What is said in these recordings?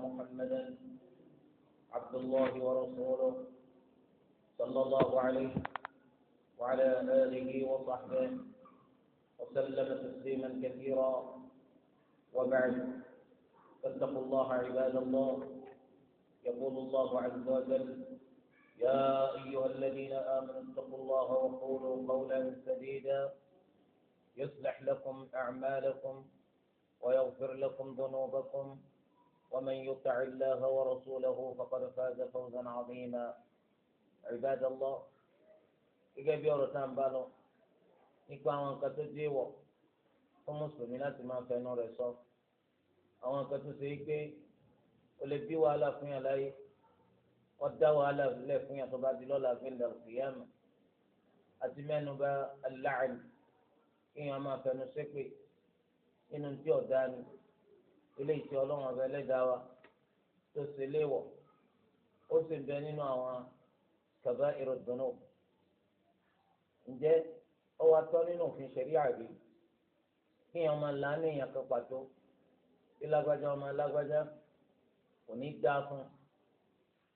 محمدا عبد الله ورسوله صلى الله عليه وعلى آله وصحبه وسلم تسليما كثيرا وبعد فاتقوا الله عباد الله يقول الله عز وجل يا أيها الذين آمنوا اتقوا الله وقولوا قولا سديدا يصلح لكم أعمالكم ويغفر لكم ذنوبكم ومن يطع الله ورسوله فقد فاز فوزا عظيما عباد الله إجابي أورتان بالو نكبا وان كتجي و فمسلمين ما في نور الصف àwọn kan tó ṣe é pé o lè bí wàhálà fún yàn láyé wọ́n dá wàhálà lẹ̀ fún yàn tó bá di lọ́la gbẹ̀ndà òkèèyàmù àti mẹ́nuba aláàánú kéèyàn máa fẹnu ṣépè nínú tí ọ̀dá ni eléyìí tí ọlọ́run ọba ẹlẹ́dàá wa tó ṣe léèwọ̀ ó sì bẹ nínú àwọn kaba ìrọ̀dùnú ǹjẹ́ ó wá tọ́ nínú òfin ṣẹ̀rí àrí kí èèyàn máa láàánú èèyàn kan pàtó bí lágbájá ọmọ lágbájá kò ní dáa fún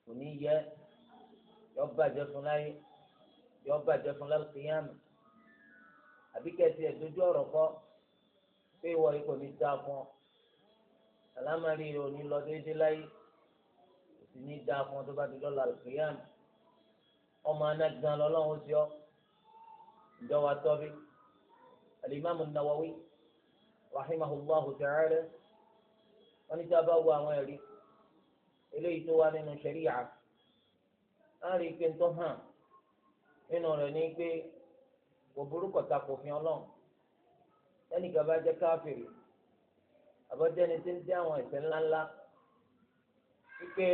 kò ní yẹ yọ bàjẹ́ fún láyé yọ bàjẹ́ fún lálùkìyàmù àbí ẹ̀ dojú ọ̀rọ̀ kọ́ pé ìwọ yìí kò ní dáa fún ọ àlámàrí rẹ̀ ò ní lọ déédéé láyé kò sì ní dáa fún ọ tó bá ti lọ́la àlùkìyàmù ọmọ anágan lọ́lọ́run sí ọ ìjọ wa tọ́bi alimami nawawi rahimahullahu ta'ala wọn ní tí a bá wo àwọn ẹ̀rí eléyìí tó wá nínú ṣẹ̀ríyà á rí i pé tó hàn nínú rẹ̀ ní pé kò burúkọ̀ ta kò fi ọlọ́run ẹnì kan bá jẹ́ káfíìrì àbọ̀jẹ́ni tí ń dé àwọn ẹ̀ṣẹ̀ ńláńlá wípé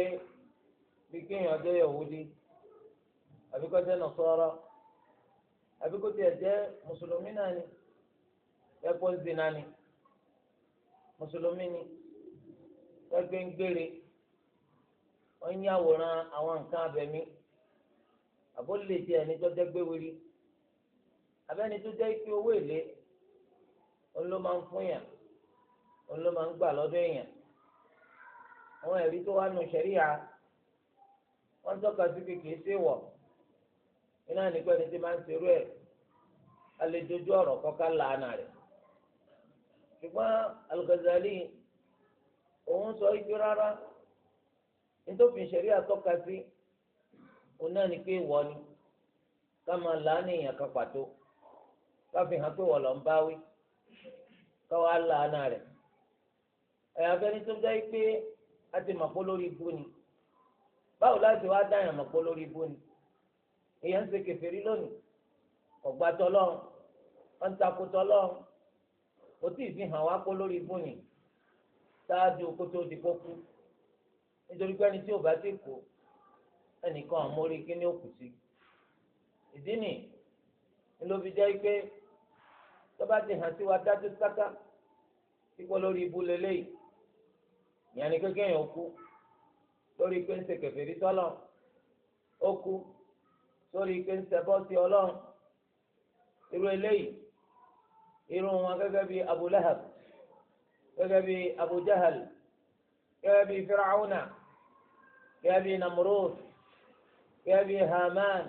bí kéèyàn jẹ́ Yahudi àbí kó jẹ́ Nasara àbí kó tiẹ̀ jẹ́ mùsùlùmí náà ni ẹ̀kọ́ ń zina ni mùsùlùmí ni ẹgbẹ́ ń gbére wọ́n ń yàwòrán àwọn nǹkan abẹ̀mí àbó lè jẹ́ ẹni tó jẹ́ gbéwìrì abẹ́ni tó jẹ́ pé owó èlé òun ló máa ń fún yàn. òun ló máa ń gbà lọ́dọ̀ èèyàn àwọn ẹ̀rí tó wà nù ṣẹ̀ríà wọ́n tọ́ka sí kékeré sí wọ̀ iná nígbà tí máa ń serú ẹ̀ alẹ́jọ́jú ọ̀rọ̀ kọ́ká làánà rẹ̀ ṣùgbọ́n al òun sọ igi rárá nítòfin ṣẹ̀ríà tọ́ka sí òun náà ni pé ni ká máa làánà èèyàn kan pàtó hàn pé wọ́n lọ ń báwí ká àyàfẹ́ni tó jẹ́ pé a ti mọ̀ pé lórí ibú ni báwo láti wá dáyàn mọ̀ pé lórí ibú ni èèyàn ń ṣe kèfèrí lónìí ọ̀gbà tọlọ́run wọ́n ń takò tọlọ́run kò tí ì fi hàn wá pé lórí ibú ni ṣáájú kó tó di kó kú nítorí pé ẹni tí ò bá ti kú ẹnìkan àmórí kíní òkú sí ìdí nì ló fi jẹ́ pé tó ti hàn sí wa dájú sáká kíkọ́ lórí ibú lélẹ́yìí. ìyẹn ni kékeré yẹn kú lórí pé ń ṣe kèfèrí sọ́lọ̀ ó kú sórí pé ń ṣe bọ́sì ọlọ́run irú eléyìí irú wọn gẹ́gẹ́ Abu Lahab gẹ́gẹ́ bíi Abu Jahal gẹ́gẹ́ bíi Fir'auna gẹ́gẹ́ bíi Namrud gẹ́gẹ́ bíi Haman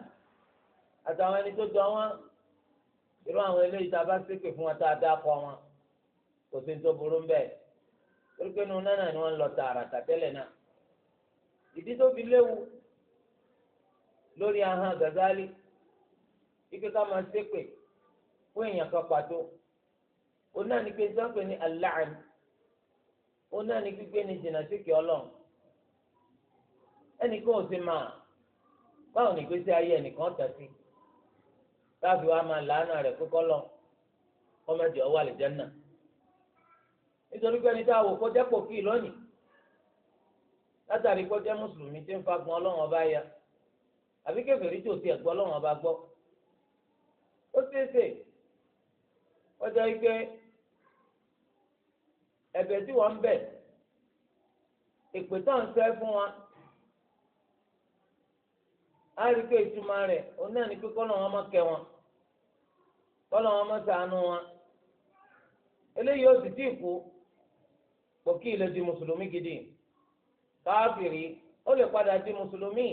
àtàwọn ẹni tó ịrụ wọn irú àwọn eléyìí tá a bá fún wọn tá a torípé nu nánà ni lọ tààràtà tẹ́lẹ̀ náà ìdí tó fi léwu lórí Gazali ike ká máa ṣépè fún èèyàn kan pàtó òun náà ní pé sọ́pè ní aláàn òun náà ní gbígbé ní jìnnà síkì ọlọ́run ẹnì kan ò sí máa báwo ìgbésí ayé ẹnìkan tẹ̀ sí táàbí wa máa nítorí pé ẹni tá a wò kó jẹ́ pòkì lónìí látàrí kó mùsùlùmí fa gbọ́n ọlọ́run ọba ya abike kèfèrí tí ò tiẹ̀ gbọ́ ọlọ́run ọba gbọ́ ó ṣeéṣe ó ike pé ẹ̀bẹ̀ tí wọ́n ń bẹ̀ èpè tó ń fẹ́ fún wa á rí pé ìtumọ̀ rẹ̀ náà ni pé kọ́nà kòkí lè di mùsùlùmí gidi káfìrí ó lè padà di mùsùlùmí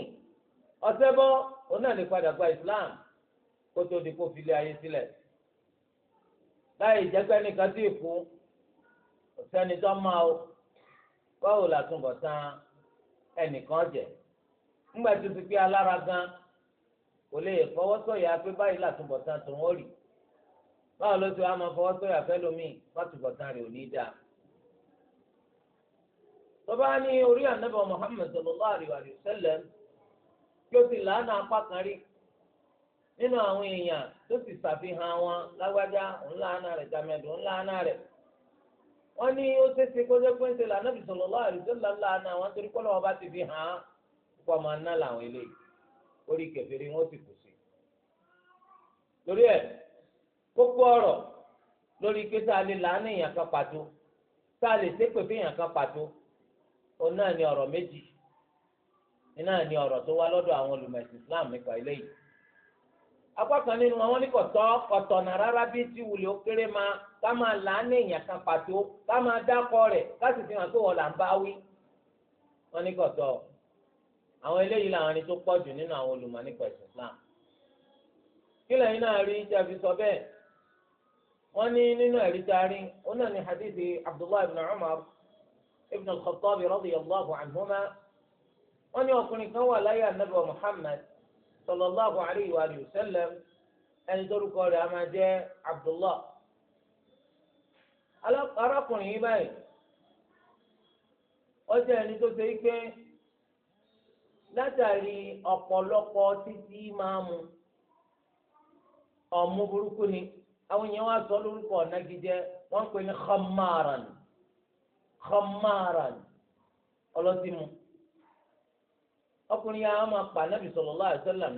ọ̀sẹ́bọ́ ó náà lè padà gba islam kó tó di kó filé ayé sílẹ̀ láì jẹ́pẹ́ nìkan sí ìkú ọ̀sẹ́ni tó máa o báwo la túnbọ̀ tán ẹnìkan jẹ ńgbà tó ti pé alára gan kò lè fọwọ́sọ̀yà pé báyìí la túnbọ̀ tán tó wọ́n rì báwo ló ti wá máa fọwọ́sọ̀yà fẹ́ lómi bá túnbọ̀ tán rè ò ní dáa. bàbá ní orí ànábì Muhammad sallallahu alaihi wa sallam ti làánà apá kan rí nínú àwọn èèyàn tó sì ṣàfihàn wọn lágbájá ńláàánà rẹ̀ rẹ̀ wọ́n ní ó kó jẹ́ pé ń ṣe lànàbì torí kọ́lọ́ ọba ti fi hàn án púpọ̀ máa ná làwọn eléyìí orí kẹfìrí wọn sì kù sí. lórí ẹ̀ kókó ọ̀rọ̀ lórí pé lè èèyàn kan pàtó lè ṣépè fún èèyàn kan òun náà ni ọ̀rọ̀ méjì iná ni ọ̀rọ̀ tó wá lọ́dọ̀ àwọn olùmọ̀ẹ̀sìn Islam nípa eléyìí apá kan nínú wọn ní kọ̀tọ́ ọ̀tọ̀nà rárá bí tí ó ma ká máa làánú èèyàn kan pàtó ká máa dákọ̀ rẹ̀ ká sì fi hàn pé wọ́n là ń bá wí wọn ní kọ̀tọ́ àwọn eléyìí làwọn ẹni tó pọ̀ jù nínú àwọn olùmọ̀ nípa ẹ̀sìn Islam kí lẹ́yìn náà rí sọ bẹ́ẹ̀ wọ́n ní nínú taari ó náà ní hadithi Abdullahi ibn Umar ibn al-Khattab radiyallahu anhuma wọ́n ní ọkùnrin kan wà láyé anabi wa Muhammad sallallahu alayhi wa sallam ẹni tó rúkọ rẹ̀ a máa jẹ́ Abdullah arákùnrin yìí báyìí ó jẹ́ ẹni tó ṣe pé látàrí ọ̀pọ̀lọpọ̀ títí máa mu ọ̀mú burúkú ni àwọn èèyàn wá sọ lórúkọ ọ̀nàgídẹ́ wọ́n ń pè ní khamaran khammaran ọlọ́tìmù ọkùnrin yà á máa pa anábì sallallahu alaihi wasallam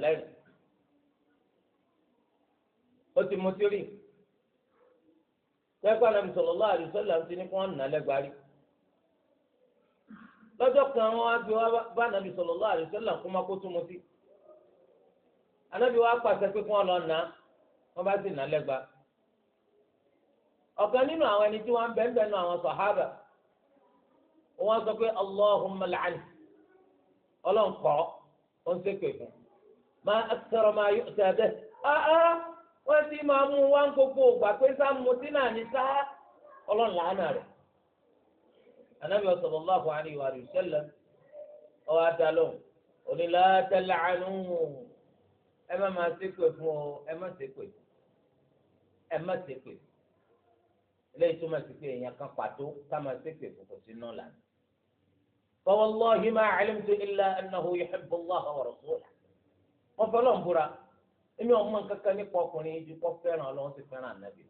ó ti mú tírì tẹ́kọ̀ anábì sallallahu alaihi wasallam ti ní nà lọ́jọ́ kan wọ́n á gbé wá bá anábì sallallahu alaihi kó má kó sí anábì wa pàṣẹ pé wọ́n sọ pé allahumma la'an ọlọ́nkọ́ ó ń ṣépè fún ma akthara ma yu'ta bihi áá wọ́n sì máa mú wá gbogbo ògbà pé sá mutí náà ní sá ọlọ́nlá náà rẹ̀ anabi sallallahu alayhi wa sallam ọwọ adalọ onílà tẹlẹànú ẹ má máa ṣépè fún ọ ẹ má ṣépè ẹ má ṣépè fún. eléyìí túmọ̀ sí ka èèyàn kan pàtó táwọn ẹsẹ̀pẹ̀ kòkò sínú lànà. fawallahi ma alimtu illa annahu yuhibbu allaha wa rasulahu. wọ́n fẹ́ lọ́n búra èmi ọmọ kankan nípa ọkùnrin ju kọ́ fẹ́ràn ọlọ́run sì fẹ́ràn ànábì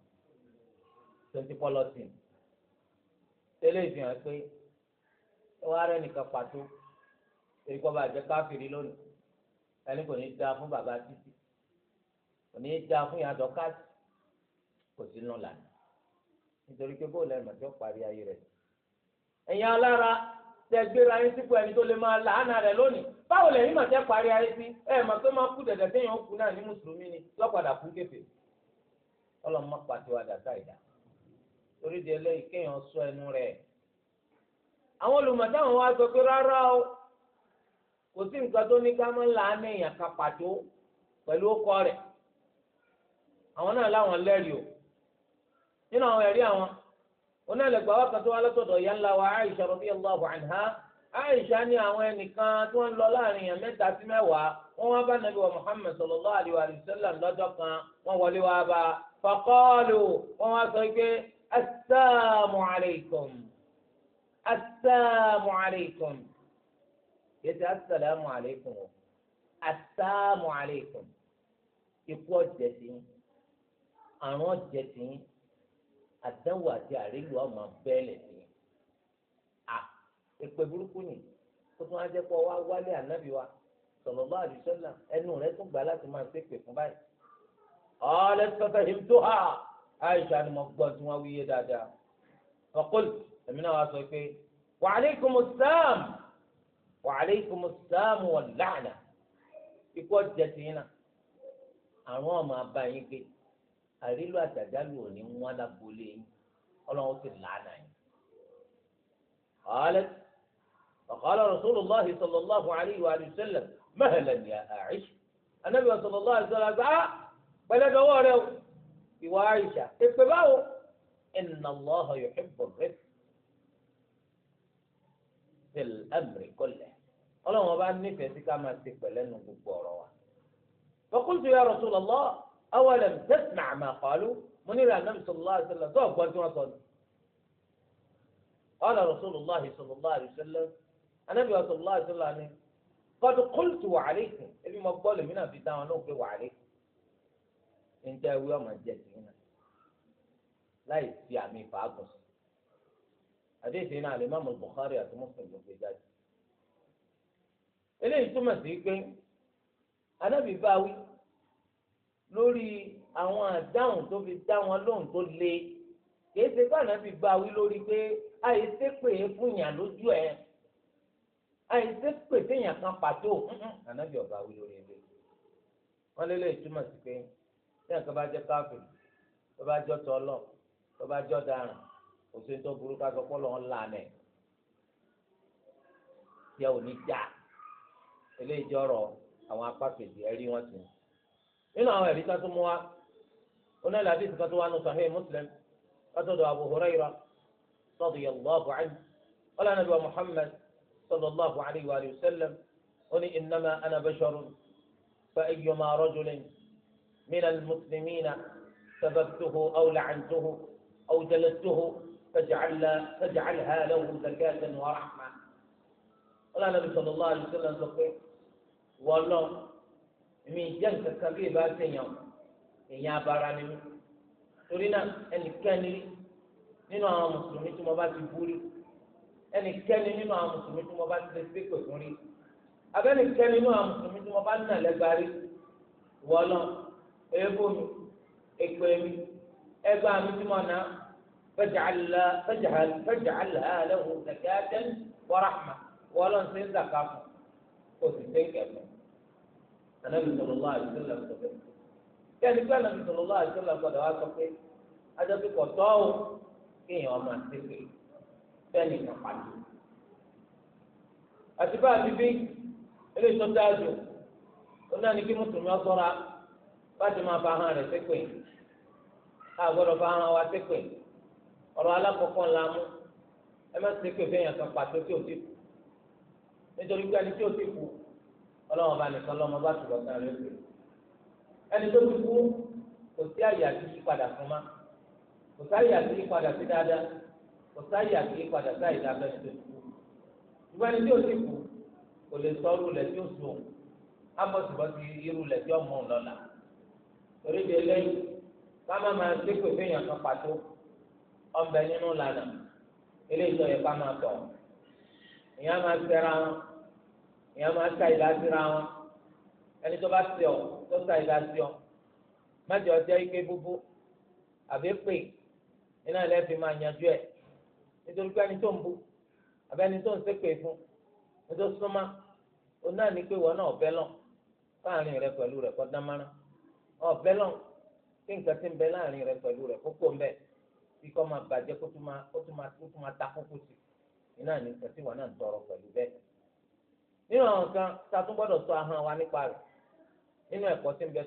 tẹ́lẹ̀ pé wọ́n nìkan pàtó èyí kọ́ bá jẹ́ káfíìrì lónìí ẹni kò ní fún bàbá nítorí pé bóòlù ẹ̀rọ màjọ́ parí ayé rẹ̀. ẹ̀yin alára tẹ gbéra yín sípò ẹni tó lè máa làánà rẹ̀ lónìí báwo lẹ́yìn màjẹ́ parí ayé sí ẹ̀ mà pé máa kú dẹ̀dẹ̀ téèyàn kú náà ní mùsùlùmí ni lọ́padà kú kéfè ọlọ́mọ pàtó àdàtà ìdá torí di ẹlẹ́yìí kéèyàn sọ ẹnu rẹ̀ àwọn olùmọ̀táwọn wa sọ pé rárá o kò sí nǹkan tó ní ká máa làánà èèyàn kan pàtó pẹ̀lú ó kọ́ rẹ̀ àwọn náà láwọn lẹ́rìí o nínú àwọn ẹ̀rí àwọn onílẹ̀gbà wa kan tó wá lọ́sọ̀dọ̀ ìyá ńlá wa Aisha radiyallahu anha Aisha ní àwọn ẹnìkan tí wọ́n ń lọ láàrin yẹn mẹ́ta sí mẹ́wàá wọ́n wá bá nàbí wa Muhammad sallallahu alayhi wa sallam lọ́jọ́ kan wọ́n wọlé wá bá faqalu wọ́n wá sọ pé assalamu alaykum assalamu alaykum yẹtẹ assalamu alaykum o alaykum ikú ọ̀jẹ̀ sí àrùn ọ̀jẹ̀ sí àdánwò àti àrílù ọmọ bẹ́ẹ̀lẹ̀ sí i à èpè burúkú ni ó tún wá jẹ́ pé wá wálé ànábì wa sallallahu alaihi wasallam ẹnu rẹ̀ tún gbà láti máa ṣe pè fún báyìí. ọ̀ọ́lẹ́ sọ́sẹ́ yìí tó hà Aisha ni mo gbọ́ tí wọ́n wíyé dáadáa ọ̀kọ́lù èmi náà wá sọ pé wa alaykum assalam wa alaykum assalam ikú ọ̀jẹ̀ tì náà àwọn ọmọ abáyé gbé àrílò àtàjálù òní ń wá lágbolé yín ọlọ́run sì làánà yín. ọ̀hálẹ́ ọ̀kọ́lọ́ rasulillah sallallahu alayhi wa sallam mẹ́hẹ̀lẹ̀ ni àìṣ anabi wa sallallahu alayhi wa sallam gbá pẹlẹdọwọ rẹ o ìwà àìṣà èpè báwo inna allah yuhibbu rif fil amri kulli ọlọ́run ọba nífẹ̀ẹ́ sí ká máa ti pẹ̀lẹ́nu gbogbo ọ̀rọ̀ wa. fọkùnrin ya rasulillah awalam tasma' ma qalu mo nílò ànábì sallallahu alaihi wasallam tó ọ̀gbọ́n tí wọ́n sọ ni. qala rasulullahi sallallahu alaihi wasallam ànábì sallallahu alaihi wasallam ni qad qultu wa alaykum ebi mo gbọ́ lèmi náà fi dá wọn lóhùn pé wa alaykum. níta ewé ọmọ jẹ tìǹ náà láì fi àmì fàágùn sí. àdéhìí náà al-Imam al-Bukhari Muslim ló gbé jáde. eléyìí túmọ̀ sí pé ànábì báwí lórí àwọn àdáhùn tó fi dá wọn lóhùn tó le kìí ṣe báyìí fi bá wí lórí pé àìsè pè é fún yàn lójú ẹ àìsè pè téèyàn kan pàtó ànábì ọba wí lórí ẹgbẹ wọn lélẹ ìtumọ̀ sí pé tí nǹkan bá jẹ káfíìn tó bá jọ tọlọ tó bá jọ dáràn òṣèlú tó burú ká sọ pé Ọlọ́run lànà ẹ yẹ ò ní já eléyìí jọrọ àwọn apá kejì ẹrí wọn sí i. nínú àwọn ẹ̀rí ká tó mú wa oní àlàbí ìsìnká tó wà nù sàhẹ́ Muslim látọ̀dọ̀ Abu Hurairah radiyallahu anhu wọ́n lànà bíi Muhammad sallallahu alayhi wa sallam ó ní innama ana basharun fa ayyuma rajulin min al-muslimina sababtuhu aw la'antuhu aw jalastuhu faj'alha lahu zakatan wa rahma wọ́n lànà bíi sallallahu alayhi wa sallam sọ pé èmi ìjẹ́ nǹkan kan bí ìbá sèyàn èyàn abara ni mí torí náà ẹnikẹ́ni nínú àwọn mùsùlùmí tí mo bá ti bú rí ẹnikẹ́ni nínú àwọn mùsùlùmí tí mo bá ti lè pè fún rí abẹ́nikẹ́ni nínú àwọn mùsùlùmí tí mo bá nà lẹ́gbàá rí wọ́lọ́ eébó mi èpè mi ẹgbàá mi tí mo nà fẹ́jà àlá lẹ́hùn zakatan wa rahma wọ́lọ́ ń sẹ́ ń kò sì sẹ́ ń kẹ̀kẹ́. ànábì sọlọ́lá àdìsẹ́lẹ̀ sọ pé kí ẹni pé ànábì sọlọ́lá àdìsẹ́lẹ̀ padà wá sọ pé ajọ́pẹ́ kò tọ́ o kéèyàn ọmọ àtẹ́pẹ́ bẹ́ẹ̀ ni kàn pàdé. àti bá àbíbí eléyìí tó dáadù ó náà ní kí mùsùlùmí ọ̀sọ́ra bá ti máa fa ahọ́n rẹ̀ sẹ́pẹ̀ gbọ́dọ̀ fa wa sẹ́pẹ̀ ọ̀rọ̀ alákọ̀ọ́kọ́ ńlá mú ẹ má sẹ́pẹ̀ kan pàtó tí ò ọlọ́wọ́n bá nìkan lọ́mọ bá tù lọ́sàn rẹ̀ pé ẹni tó ti kú kò sí àyè àti yípadà fún ma kò sáyè àti yípadà sí dáadáa kò sáyè àti yípadà dáadáa ẹni tó ti kú ìwé ẹni tí ó ti kú kò lè sọ ọrú tí ó sùn ti irú lẹ tí ó mọ̀ lọ́la torí de lẹ́yìn má máa fẹ́yàn kan pàtó ọbẹ̀ nínú lànà eléyìí èèyàn máa ka ìlà síra wọn ẹni tó bá sí ọ tó sa ìlà sí ọ májè ọjọ́ ike búbú àbí pè iná ẹlẹ́fin máa yanjú ẹ̀ nítorí pé ẹni tó ń bu àbẹ́ni tó ń ṣépè fún ẹni tó súnmọ́ òun náà ní pé wọn náà ọ̀bẹ lọ láàrin rẹ pẹ̀lú rẹ kọ́ dámárán ọ̀bẹ lọ kí nǹkan ti ń bẹ láàrin rẹ pẹ̀lú rẹ kókó ń bẹ bí kò máa bàjẹ́ kó tún máa takókó sí iná ní nǹkan tí wọn náà ń tọrọ pẹ̀lú bẹ́ẹ̀. nínú àwọn kan tá a tún gbọ́dọ̀ sọ ahọ́n wa nípa rẹ̀ nínú ẹ̀kọ́ tí ń bẹ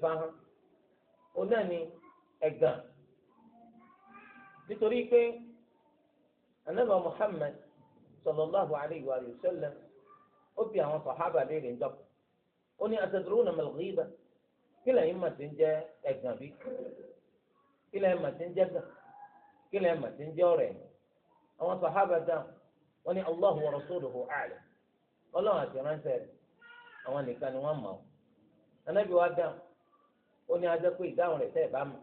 náà Muhammad sallallahu alayhi wa sallam ó bi àwọn sàhábà léèrè ń dọ́kọ̀ ó ní atadruna mal ghiba kí ń bí kí ń gàn kí ń àwọn ọlọ́run àti ránṣẹ́ rẹ̀ àwọn nìkan ni wọ́n mọ̀ ọ́ anábì wa dáhùn ó ní ajẹ́ pé ìdáhùn rẹ̀ tẹ́ ẹ̀ bá mọ̀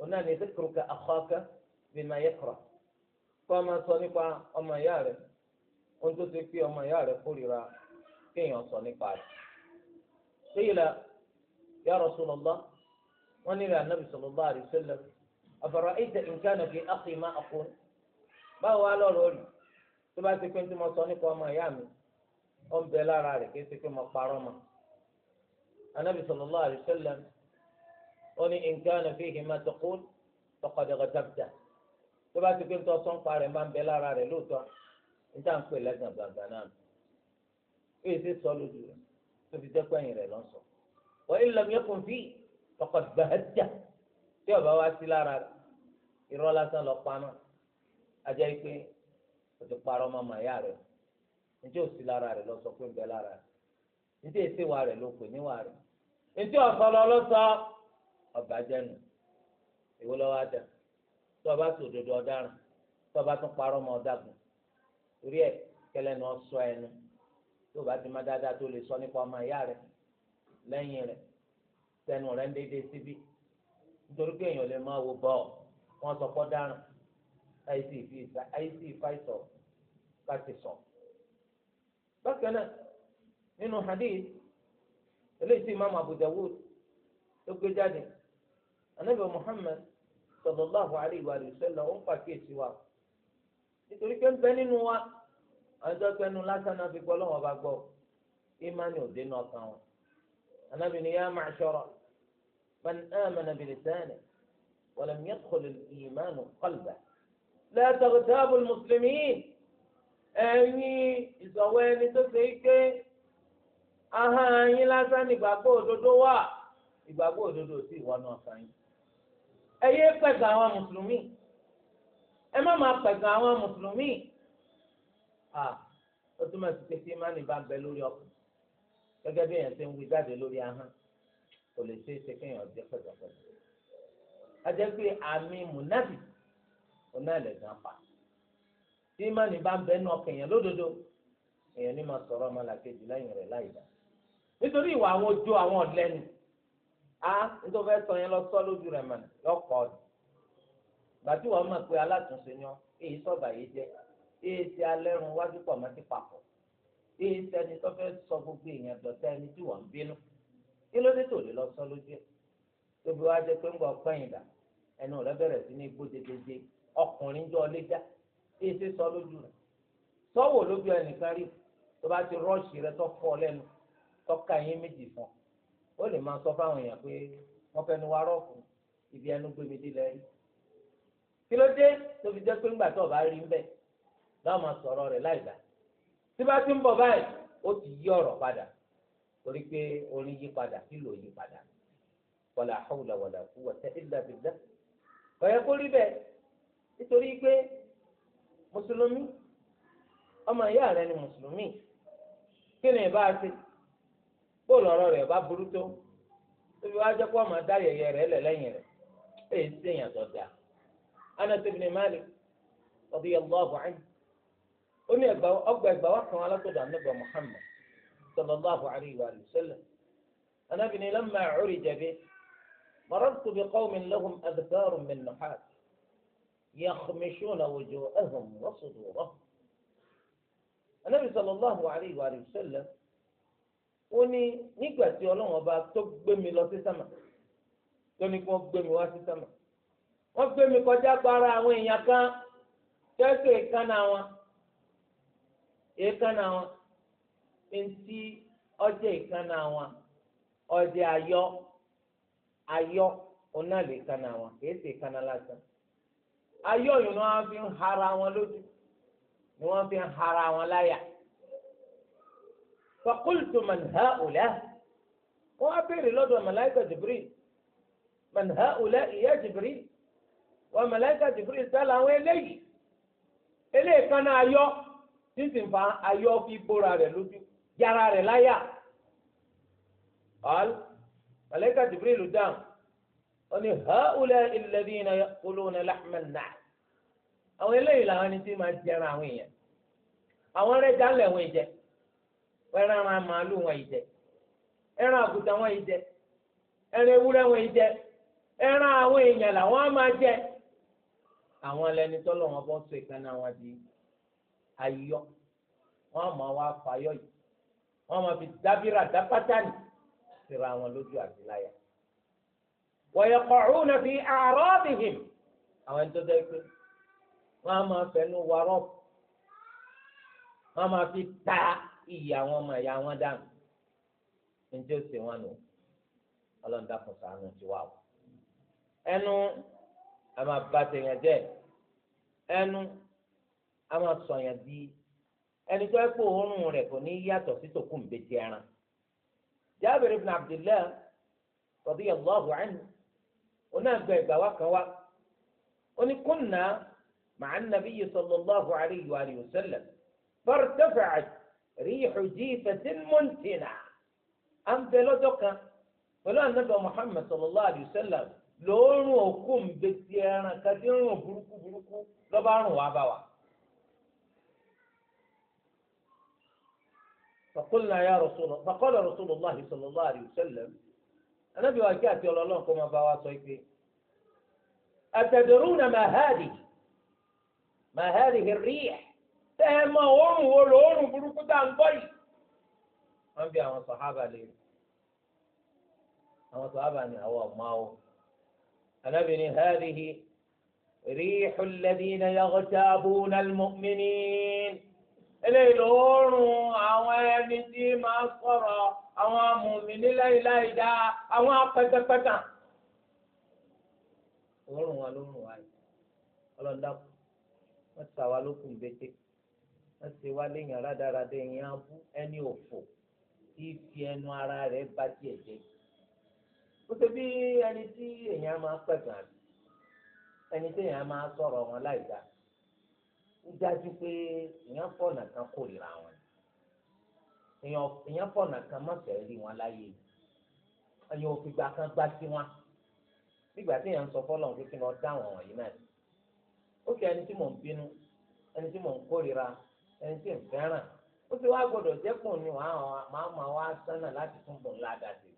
ó náà ní dhikruka akhaka bima yakra kọ́ máa sọ nípa ọmọ ìyá rẹ̀ ohun tó ti pé ọmọ ìyá rẹ̀ kórìíra kéèyàn sọ nípa rẹ̀ qila ya Rasulullah wọ́n nílẹ̀ anábì sallallahu alaihi wasallam afara'ayta in kana fi akhi ó ń bẹ lára rẹ̀ kí ṣe pé mo parọ́ mọ́ anabi sallallahu alayhi wa sallam ó ní in kana fihi ma taqul faqad ghadabta tó bá ti pé nítorí ọsán pa rẹ̀ máa ń bẹ lára rẹ̀ lóòótọ́ níta ń pè lẹ́gàn gbàngàn náà ó yẹ sí sọ lójú rẹ̀ tó fi dẹ́pẹ́ yìn rẹ̀ lọ́sọ̀ wa in lam yakun fi faqad tí ọba wá sí lára rẹ̀ irọ́ lásán lọ pa náà ajá yìí pé o ti parọ́ mọ́ màá yá rẹ̀ o ntí o sí lára rẹ̀ lọ sọ pé ń bẹ lára rẹ̀ ntí èsì wa rẹ̀ ló pè níwà rẹ̀ ntí ọ̀sọ̀lọ̀ ló sọ ọba jẹnu ìwé lọ́wọ́ àjà tí ọba tó dodo ọ̀daràn tí ọba tó parọ́ mọ́ ọ̀dàgùn torí ẹ̀ kẹlẹ́ ni wọ́n sọ ẹnu tí ọba ti má dáadáa tó lè sọ nípa ọmọ ìyá rẹ̀ lẹ́yìn rẹ̀ sẹ́nu rẹ̀ ń dédé síbí nítorí pé èèyàn lè máa wo bọ́ọ̀ wọ́n sọ pọ́ dáràn àìsí ìfáìsọ̀ káti sọ̀rọ̀ bákan náà nínú hadith eléyìí tí imaamu abu dawud tó gbé jáde anabi muhammad sallallahu alayhi wa sallam ó ń pàkíyèsí wa nítorí pé ń bẹ nínú wa àjọ pẹnu lásán náà fi gbọ́ lọ́wọ́ bá gbọ́ imani ò dénú ọkàn wọn anabi ni yá ma'shara man amana bilisani walam yadkhul al-imanu qalba la ẹ̀yin ìsọ̀wọ́ ẹni tó ṣe é ké ahọ́n yín lásán ní ìgbàgbọ́ òdodo wà ìgbàgbọ́ òdodo sí ìwà náà sàn yín. ẹ yé pẹ̀gà àwọn mùsùlùmí ẹ má máa pẹ̀gà àwọn mùsùlùmí. ó túmọ̀ sí pé tí imáni bá ń bẹ lórí ọkàn gẹ́gẹ́ bí èèyàn ṣe ń wí jáde lórí ahọ́n kò lè ṣeé ṣe kéèyàn jẹ́ pẹ̀gàpẹ̀gà. a jẹ́ pé àmì mùnádì onáìlẹ̀ gan pa tí ìmánì bá ń bẹ nù ọkàn èèyàn lódodo èèyàn ní máa sọ̀rọ̀ ọmọ làkejì lẹ́yìn rẹ̀ láì dá nítorí ìwà àwọn ojú àwọn ọ̀lẹ́nu a nítorí fẹ́ sọ yẹn lọ sọ lójú rẹ̀ mà lọ́kọ̀ ọ̀dù gbàtí wọ́n mọ̀ pé alátúnṣe yan èyí sọ̀bà yìí jẹ́ èyí ti alẹ́run wájú pọ̀ mọ́ ti papọ̀ èyí sẹni tó fẹ́ sọ gbogbo èèyàn dọ̀tá ẹni tí wọ́n ń bínú kí ló dé tó lè lọ sọ lójú ẹ̀ tóbi wá jẹ́ pé ń gbọ́ pẹ́yìn dà ẹnu rẹ̀ bẹ̀rẹ̀ sí ní gbó dédédé ọkùnrin jọ lé dá èsì sọ lójú rẹ̀ sọ́wọ́ lójú ẹnìkan rí tó bá ti rọ́ọ̀ṣì rẹ tó fọ́ lẹ́nu tọ́ka yín méjì fún ọ ó lè máa sọ fáwọn èèyàn pé wọ́n fẹ́nu wa rọ́ọ̀kù ibi ẹnu gbémi dé lẹ́rí kí ló dé tó fi jẹ́ pé ńgbà tó ọba rí ń láwọn máa sọ̀rọ̀ rẹ̀ láì dá tí bá ti ń bọ̀ báyìí ó ti yí ọ̀rọ̀ padà torí pé orin yí padà kílò yí padà wala hawla wala quwwata illa billah kò yẹ kó rí bẹ́ẹ̀ nítorí pé mùsùlùmí ọmọ ìyá rẹ ni mùsùlùmí kí ni ìbá ṣe bóòlù ọ̀rọ̀ rẹ̀ bá burú tó tóbi wá jẹ́ kó ọmọ dá yẹyẹ rẹ̀ lẹ̀ lẹ́yìn rẹ̀ èyí sì yàn tó dáa Anas ibn Malik radiyallahu anhu ó ní ọgbà ẹgbà wà kan alákòdà nígbà Muhammad sallallahu alayhi wa sallam Ànábì ní lamma urija bi marartu bi qawmin lahum adhkarun min nuhas yakhmishuna wujuhahum wa sudurahum. anábì sallallahu alayhi wa sallam ó ní nígbà tí ọlọ́run ọba tó gbé mi lọ sí sàmà tó ní kí wọ́n gbé mi wá sí sàmà wọ́n gbé mi kọjá gbára àwọn èèyàn kan tẹ́sí èékánná wọn èékánná wọn eŋti ọjọ́ èékánná wọn ọjọ́ ayọ́ ayọ́ onáàlè èékánná wọn kìí ṣe èékánná lásán ayé ọ̀yàn ni wọ́n fi ń hara wọn lójú ni wọ́n fi ń hara wọn láyà. فقلت من هؤلاء وأبير لدو ملائكة جبريل من هؤلاء يا جبريل وملائكة جبريل تلا ويلي إليه كان أيو تنسين فان أيو في بورا لوجو جارا لايا قال ملائكة جبريل دام ó ní haúlẹ̀ ìlẹ́bíyìn na láhmẹ́n náà àwọn eléyìí làwọn ẹni tí máa ń jẹran àwọn èèyàn àwọn ẹrẹ́jà ńlẹ̀ wọn ìjẹ ẹran ara màálù wọn ìjẹ ẹran àgùntàn wọn ìjẹ ẹran ewúrẹ́ wọn ìjẹ ẹran àwọn èèyàn làwọn á máa jẹ àwọn ẹlẹ́ni tọ́lọ̀ wọn bọ́ sọ ìkànnì àwọn di ayọ̀ wọn á máa wá fayọ̀ yìí wọn á máa fi dábìrà dápátá nì síra wọn lójú àti láyà. ويقعون في أعراضهم àwọn ẹni tó dẹ́ pé wọ́n á máa fẹnu warọ́ wọ́n á máa fi ta iyì àwọn ọmọ ìyá wọn dànù njẹ́ ó sì wọn nù ọlọ́run dákun a di ẹni tó ẹ pé òórùn rẹ̀ kò ní yàtọ̀ sí tòkùnbẹ̀tì ẹran ibn ona gba ẹgba wa kan wa ó ní kúnnà màá nàbí sallallahu alayhi wa alayhi wa sallam fartafa'at rihu jifatin muntina à ń bẹ lọ́jọ́ kan pẹ̀lú ànábì muhammed sallallahu alayhi wa sallam lóòrùn òkú mbẹ́tì ẹran kàdé rùn burúkú burúkú lọ́ba rùn wá bá wa. فقلنا يا رسول الله فقال رسول الله صلى الله عليه وسلم anábì wa kí àti ọlọ́lọ́ kó ma bá wa sọ pé atadoro na mahadi mahadi háàdì rí ẹ̀ tẹ́ ẹ mọ òórùn wo lo òórùn burúkú tá ń gbọ́ yìí wọ́n bí àwọn sọ̀hábà lè àwọn sọ̀hábà ni àwọn ọ̀ma o anábì ni háàdì ريح الذين يغتابون المؤمنين eléyìí lóòórùn àwọn ẹni tí máa sọ̀rọ̀ àwọn amòmìnir láìláì dá àwọn apẹtẹpẹtà òórùn wa ló rùn wá yìí ọlọ́dàkùn wọ́n ti sàwa lókun gbèsè wọ́n ti wá léyìn aládàradà ẹ̀yìn abú ẹni òfò tí fi ẹnu ara rẹ̀ bá tiẹ̀ jẹ́ ó ṣe bí ẹni tí èèyàn máa pẹ̀gàn àbí ẹni tí èèyàn máa sọ̀rọ̀ wọn láì dá ó dájú pé èèyàn pọ̀ nàkan kórìíra wọn èèyàn fọ̀nà kan mọ̀fẹ́ rí wọn láyé ẹ̀yìn òfìgbà kan gbá sí wọn nígbà tí èèyàn sọ fọ́lọ̀ pé kí lọ dá àwọn wọ̀nyí náà ó ẹni tí mò ń bínú ẹni tí mò ń kórira ẹni tí ń fẹ́ràn ó ti wá gbọdọ̀ jẹ́kùn ni ma wá sánà láti bọ̀ ńlá dàdé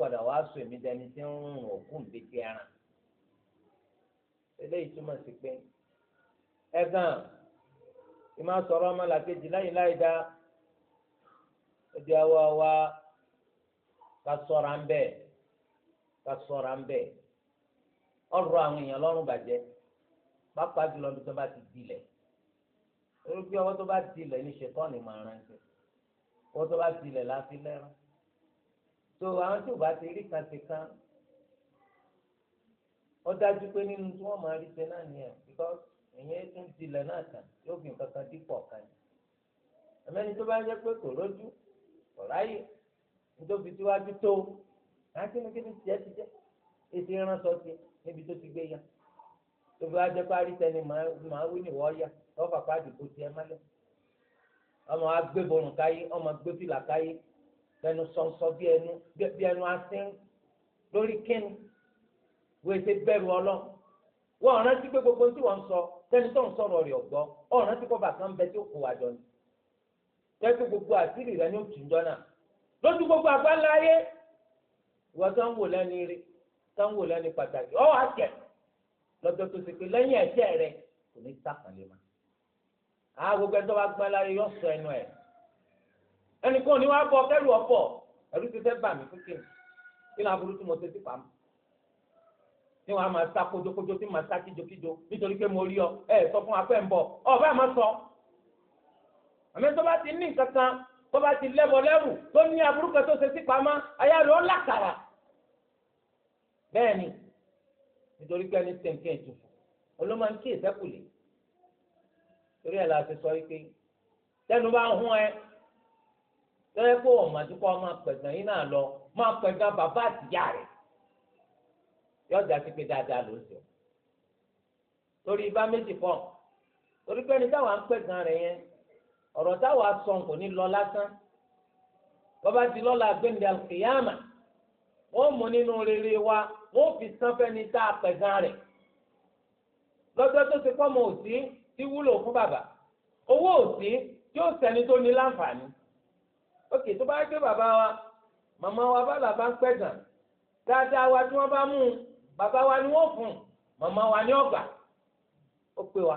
padà wá èmi tí ń rún òkú ń ẹran eléyìí túmọ̀ sí pé ẹ̀gàn ìmọ̀ sọ̀rọ̀ ọmọ làkejì dáa. ẹdí awa wa ká ṣọ́ra ń bẹ ká ṣọ́ra ń bẹ ọ̀rọ̀ àwọn èèyàn lọ́rùn bàjẹ́ pápá jùlọ bí tó bá ti dilẹ̀ orí bí ọwọ́ tó bá dilẹ̀ ní ṣètọ́ni máa rántí ọwọ́ tó bá dilẹ̀ láti lẹ́rán tó àwọn tó bá ti rí kan ti kan ó dájú pé nínú tí wọ́n máa rí ṣe náà nìyẹn because ìyẹn tún dilẹ̀ náà tàn yóò fi nǹkan kan dípò kan ẹ̀mẹ́ni tó bá jẹ́ pé kò rójú ọ̀ráyè nítorí tí wàá ju tó láti ní kíni tiẹ̀ ti jẹ́ èsì ìrànṣọ ti níbi tó ti gbé ya tóbi wàá jẹ́ parí tẹni màá wí níwọ̀ ya lọ́fà pàdé kò tiẹ̀ mọ́lẹ̀ ọmọ wa gbé borùn káyé ọmọ gbé fìlà káyé lẹnu sọ̀nsọ̀ bí ẹnu bí ẹnu asín lórí kíni wọ́n ṣe bẹ̀rù ọlọ́ wọ́n rántí pé gbogbo tí wọ́n ń sọ tẹ́ni tó ń sọ̀rọ̀ rẹ̀ ọ̀gbọ́ ọ̀rántí kọ́ bàtà ń bẹ tí ó kù wájọ ni. lẹ́sìn gbogbo àṣírí rẹ ní òtúnjọ́ náà lójú gbogbo àgbáńlá ayé ìwọ tó ń wò lẹ́ni rí tó ń wò lẹ́ni pàtàkì ọ̀ lọ́jọ́ tó pé lẹ́yìn ẹ̀jẹ̀ rẹ kò gbogbo ẹjọ́ wa gbọ́n láyé sọ ẹnu ẹ̀ ẹnìkan ni bọ ọ̀pọ̀ ti fẹ́ bà mí kí tí mo ti ti pa mọ́ ni máa sá kojokojo tí màá sá kíjokíjo ọ sọ ọ bá sọ. àmọ́ tó bá ti ní nǹkan kan tó bá ti lẹ́bọ̀ lẹ́rù tó ní aburú kan tó ṣe sí pamọ́ ayé àlọ́ làkàrà bẹ́ẹ̀ ni nítorí pé ẹni tẹ̀ǹkẹ́ ìtùfù olóma ń kí ìsẹ́kùlé torí ẹ̀ la ti sọ wípé tẹnu bá hún ẹ tẹ́lẹ̀ pé ọ̀mà tí kò máa pẹ̀gàn yín náà lọ máa pẹ̀gàn bàbá àtìyá rẹ̀ yọjà sí pé dáadáa ló ń sọ torí ibà méjì pọ̀ torí pé ẹni táwọn á pẹ̀gàn rẹ̀ yẹn ọ̀rọ̀ táwa sọ kò ní lọ lásán bọ́bá ti lọ́la gbẹ̀ndẹ̀ alkiyama wọ́n mú nínú rere wa wọ́n fi san fẹ́ni tá a pẹ̀gàn rẹ̀ lọ́jọ́ tó ti pọ́ mọ òsì tí wúlò fún bàbá owó òsì tí ó sẹ́ni tó ní láǹfààní òkè tó bá gbé bàbá wa màmá wa bá làbá ń pẹ̀gàn dáadáa wa tí wọ́n bá mú un bàbá wa ni wọ́n fún un màmá wa ni ọgbà ó pé wa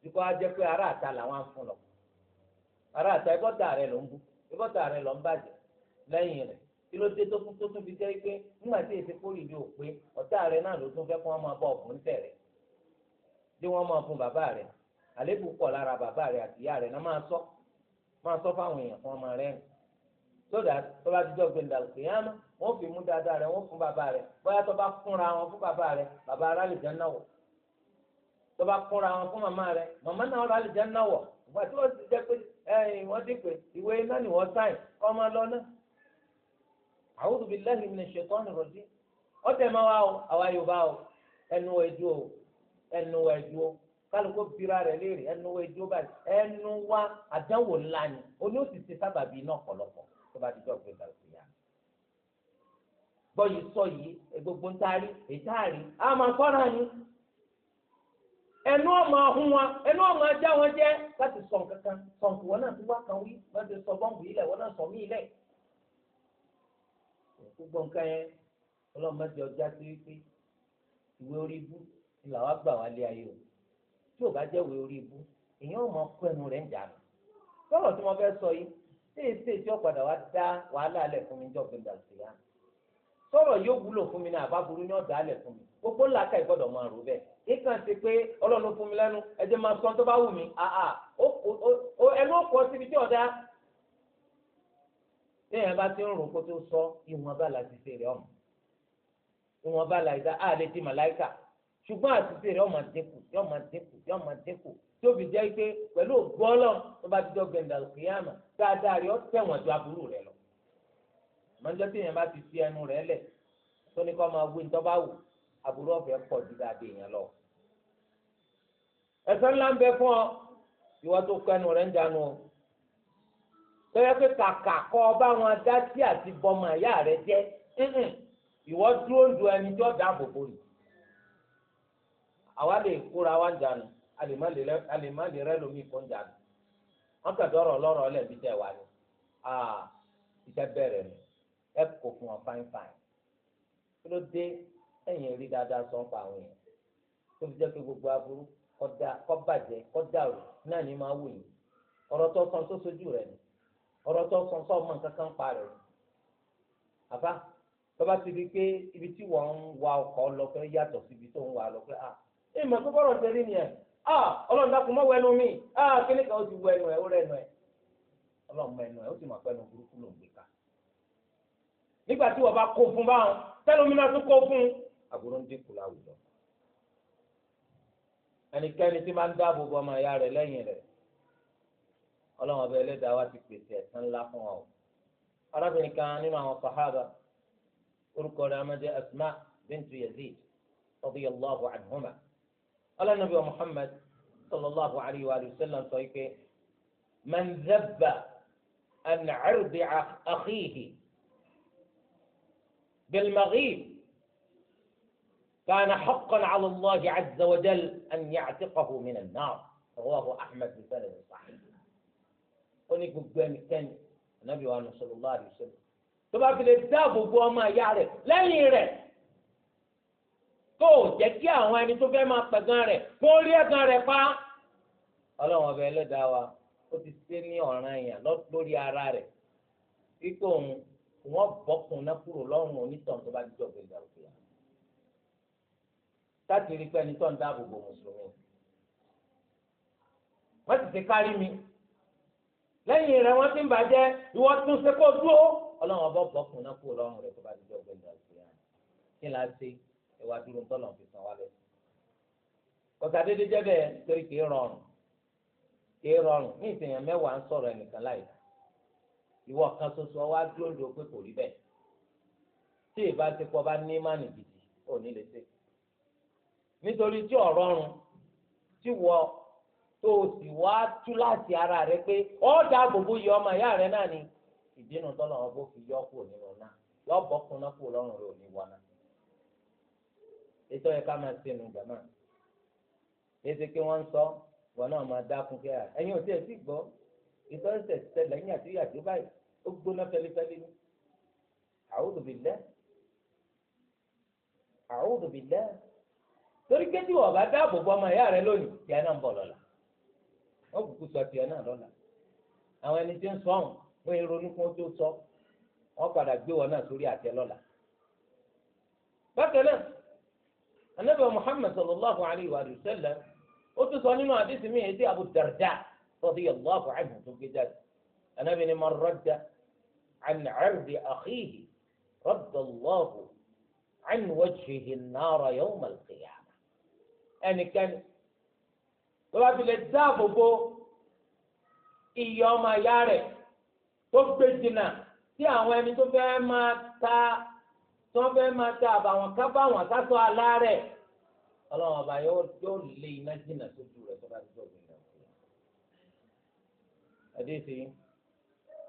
bí kò jẹ́ pé ará àta làwọn á fún lọ ara àta ẹgbọ́ta rẹ ló ń bú ẹgbọ́ta rẹ ló ń bàjẹ́ lẹ́yìn rẹ̀ kí ló dé tó tó tún fi jẹ́ pé nígbà tí èsì kórì yóò pé ọ̀tá rẹ náà ló tún fẹ́ kó wọ́n máa bọ̀ fún tẹ̀rẹ̀ bí wọ́n máa fún bàbá rẹ àlébù pọ̀ lára bàbá rẹ àti ìyá rẹ náà máa sọ máa sọ fáwọn èèyàn fún ọmọ rẹ nù sódà tó bá dídọ́ gbé yá mọ́ wọ́n fi mú dáadáa rẹ wọ́n fún bàbá rẹ bóyá tó bá wọn fún bàbá rẹ bàbá rẹ àlùjá náà wọ̀ tó bá wọn fún màmá rẹ màmá náà rẹ àlùjá náà wọ̀ ẹ̀yìn wọ́n ti pè ìwé iná ni wọ́n sáìn kọ́ máa lọ náà a'udhu billahi minash shaitani rajim ọ̀tẹ̀ máa wá o àwa yorùbá o ẹnu ẹ̀dú o ẹnu ẹ̀dú o kálukó bira rẹ̀ léèrè ẹnu ẹ̀dú báyìí ẹnu wa àdánwò ńlá ni oní òsì ti sábàbí náà pọ̀lọpọ̀ tó bá ti jọ pé kàlùkù yá gbọ́ yìí sọ yìí gbogbo ń taari èyí taari àmọ́ akọ́ra ẹnu ọmọ ọhún wọn ẹnu ọmọ ajá wọn jẹ láti sọ kankan sọǹkù wọn náà ti wá kan wí wọn ti sọ bọ́ǹbù yìí lẹ̀ wọn náà sọ mí lẹ̀. gbogbo nǹkan yẹn ọlọ́run mẹ́jọ já sí wípé ìwé orí ibú ni làwọn gbà lé ayé o tí ò bá jẹ́ ìwé orí ibú èèyàn ẹnu ń jà nù. sọ̀rọ̀ tí fẹ́ sọ yìí ṣé sọ̀rọ̀ yóò wúlò fún mi ní àbá burú ní ọ̀dà alẹ̀ fún mi gbogbo ńlá ká ìgbọ́dọ̀ máa rò bẹ́ẹ̀ ìkàn ti pé ọlọ́run fún mi lẹ́nu ẹ jẹ́ máa sọ tó bá wù mí àà ẹnu ó kọ́ síbi tí ọ̀dà téèyàn bá ti ń rò kó tó sọ ìwọ̀nba là ti ṣe rẹ̀ ọ̀mù ìwọ̀nba là ìdá á lè di màláìkà ṣùgbọ́n àtúnṣe rẹ̀ ọ̀mà dínkù yọ̀mà dínkù yọ̀mà dínkù àmọ́jọ́ tí èèyàn bá ti fi ẹnu rẹ̀ lẹ̀ tó ní kó máa wí ní tọ́ba wù àbúrò ọ̀fẹ́ pọ̀ ju dáadé èèyàn lọ. ẹ̀sán ńlá ń bẹ fún ọ ìwọ tó kọ ẹnu rẹ̀ ń dànù o tọ́jà pé kàkà kọ́ ọ bá wọn dá sí àti bọ́mọ àyá rẹ jẹ́ ìwọ dúró du ẹni tí ó dáàbò bò ní. àwa lè kóra wa ń dànù àlèmọ́lè rẹ lómi kó ń dànù wọ́n kẹ̀ lọ́rọ̀ ọlẹ́bí tẹ̀ wá ní ìṣẹ́ bẹ̀rẹ̀ ni ẹ kò fún wọn fáin fáin kí ló dé ẹ̀yìn rí dáadáa sọ pa àwọn èèyàn tó fi jẹ́ pé gbogbo aburú kọ́ bàjẹ́ kọ́ dàrú náà ní máa wù yín ọ̀rọ̀ tó sọ tó sojú rẹ̀ ni ọ̀rọ̀ tó sọ tó ọmọ nǹkan kan pa rẹ̀ ni àbá tó bá ti di pé ibi tí wọ́n ń wa ọkọ̀ lọ pé yàtọ̀ síbi tó ń wa lọ pé à ah, ẹ mọ̀ pé bọ́rọ̀ ṣe rí nìyẹn à ah, ọlọ́run dákun mọ́ wẹnu mi Ah, kíní kan ó ti wẹnu ẹ̀ ó rẹnu ẹ̀ ọlọ́run mọ ẹnu ẹ̀ ó sì mọ̀ pẹ́nu burúkú ló ń gbé k nígbà tí wọ́n bá kó fún báwọn tẹ́lómìnà tó kó fún àbúrò ń dínkù láwùjọ. ẹnikẹ́ni tí máa ń dáàbò bo ọmọ ìyá rẹ̀ lẹ́yìn rẹ̀ ọlọ́run ọba ẹlẹ́dàá wa ti pèsè ẹ̀san ńlá fún wa arábìnrin kan nínú àwọn sàhábà orúkọ rẹ̀ amájẹ́ asma bintu yazid radiyallahu anhuma ọlọ́nàbí wa muhammad sallallahu alayhi wa sallam sọ pé man zabba an 'irdi akhihi. بالمغيب كان حقا على الله عز وجل ان يعتقه من النار رواه احمد بسند صحيح قني قدام الثاني النبي صلى الله عليه وسلم تبع في الكتاب هو ما يعرف لا يري يعني تو جكي هو ان تو ما بغان ري مو ري غان ري با الله ما بيلو داوا او تي سيني اوران يا لو لوري ارا ري wọ́n bọ́kùn náà kúrò lọ́rùn onítàn tó bá jíjọ gbèdà òkè yà láti pé ẹni tó ń dáàbò bò mùsùlùmí wọ́n ti ti kárí mi lẹ́yìn rẹ̀ wọ́n ti ń bàjẹ́ ìwọ tún ṣe kó dúró ọlọ́run ọbọ̀ bọ́kùn náà kúrò lọ́rùn rẹ̀ tó bá jíjọ gbèdà òkè yà kí ni a ṣe ìwà dúró ńtọ́nà fi san wálẹ̀ kọ̀tà déédéé jẹ́ bẹ́ẹ̀ torí kì í rọrùn kì í rọrùn ní ìsèyàn ìwọ kan ṣoṣo wá dúró lò pé kò rí bẹ́ẹ̀ tí ìbá ti pọ̀ bá ní mánì gidi ò ní lè ṣe nítorí tí ọ̀rọ̀ ọ̀run tí wọ tó o sì wá tú láti ara rẹ pé ó dá gbogbo yọ ọmọ ìyá rẹ náà ni ìdínú tọ́lọ̀ wọn bó fi yọ kúrò nínú náà yọ bọ́kùnrin kúrò lọ́rùn rẹ ò ní wọná ètò ẹ̀ka máa ṣe nu gbàmà ètò kí wọ́n ń sọ wọn náà máa dákun kẹ́ra ẹ̀yin ò tí ẹ̀ sì gbọ́ ìtọ́sẹ̀ tẹ̀lé ẹ̀yìn àti ìyàtí báyìí ó gbóná fẹlifẹli ni a'udhu billah a'udhu billah torí pé tí wọ́n bá dáàbò bọ́ ọmọ ìyá rẹ lónìí ìyá náà ń bọ̀ lọ́la wọ́n kúkú sọ tìyà náà lọ́la àwọn ẹni tí ń sọ ọ̀hún wọ́n ń ronú kí wọ́n tó sọ wọ́n padà gbé wọn náà sórí àtẹ lọ́la. bákan náà anabi muhammad sallallahu alayhi wa sallam ó tún sọ nínú àdìsí mi èdè abu darda radiyallahu anhu tó gbé jáde anabi ni man radda. عن عرض أخيه رد الله عن وجهه النار يوم القيامة يعني كان tọ́lájú lè dáàbò bo iye ọmọ ìyá rẹ̀ tó gbé jìnnà tí àwọn ẹni tó fẹ́ máa ta tó fẹ́ máa ta àbàwọ̀n ká bá wọn sásọ alárẹ̀ ọlọ́run ọba yóò lé iná jìnnà sójú rẹ̀ tó bá ti dọ̀gbìn náà.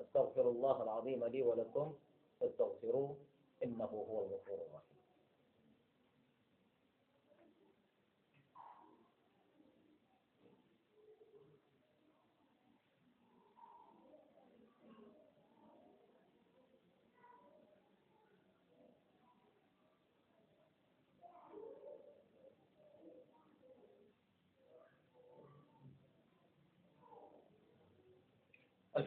أستغفر الله العظيم لي ولكم فاستغفروه إنه هو الغفور الرحيم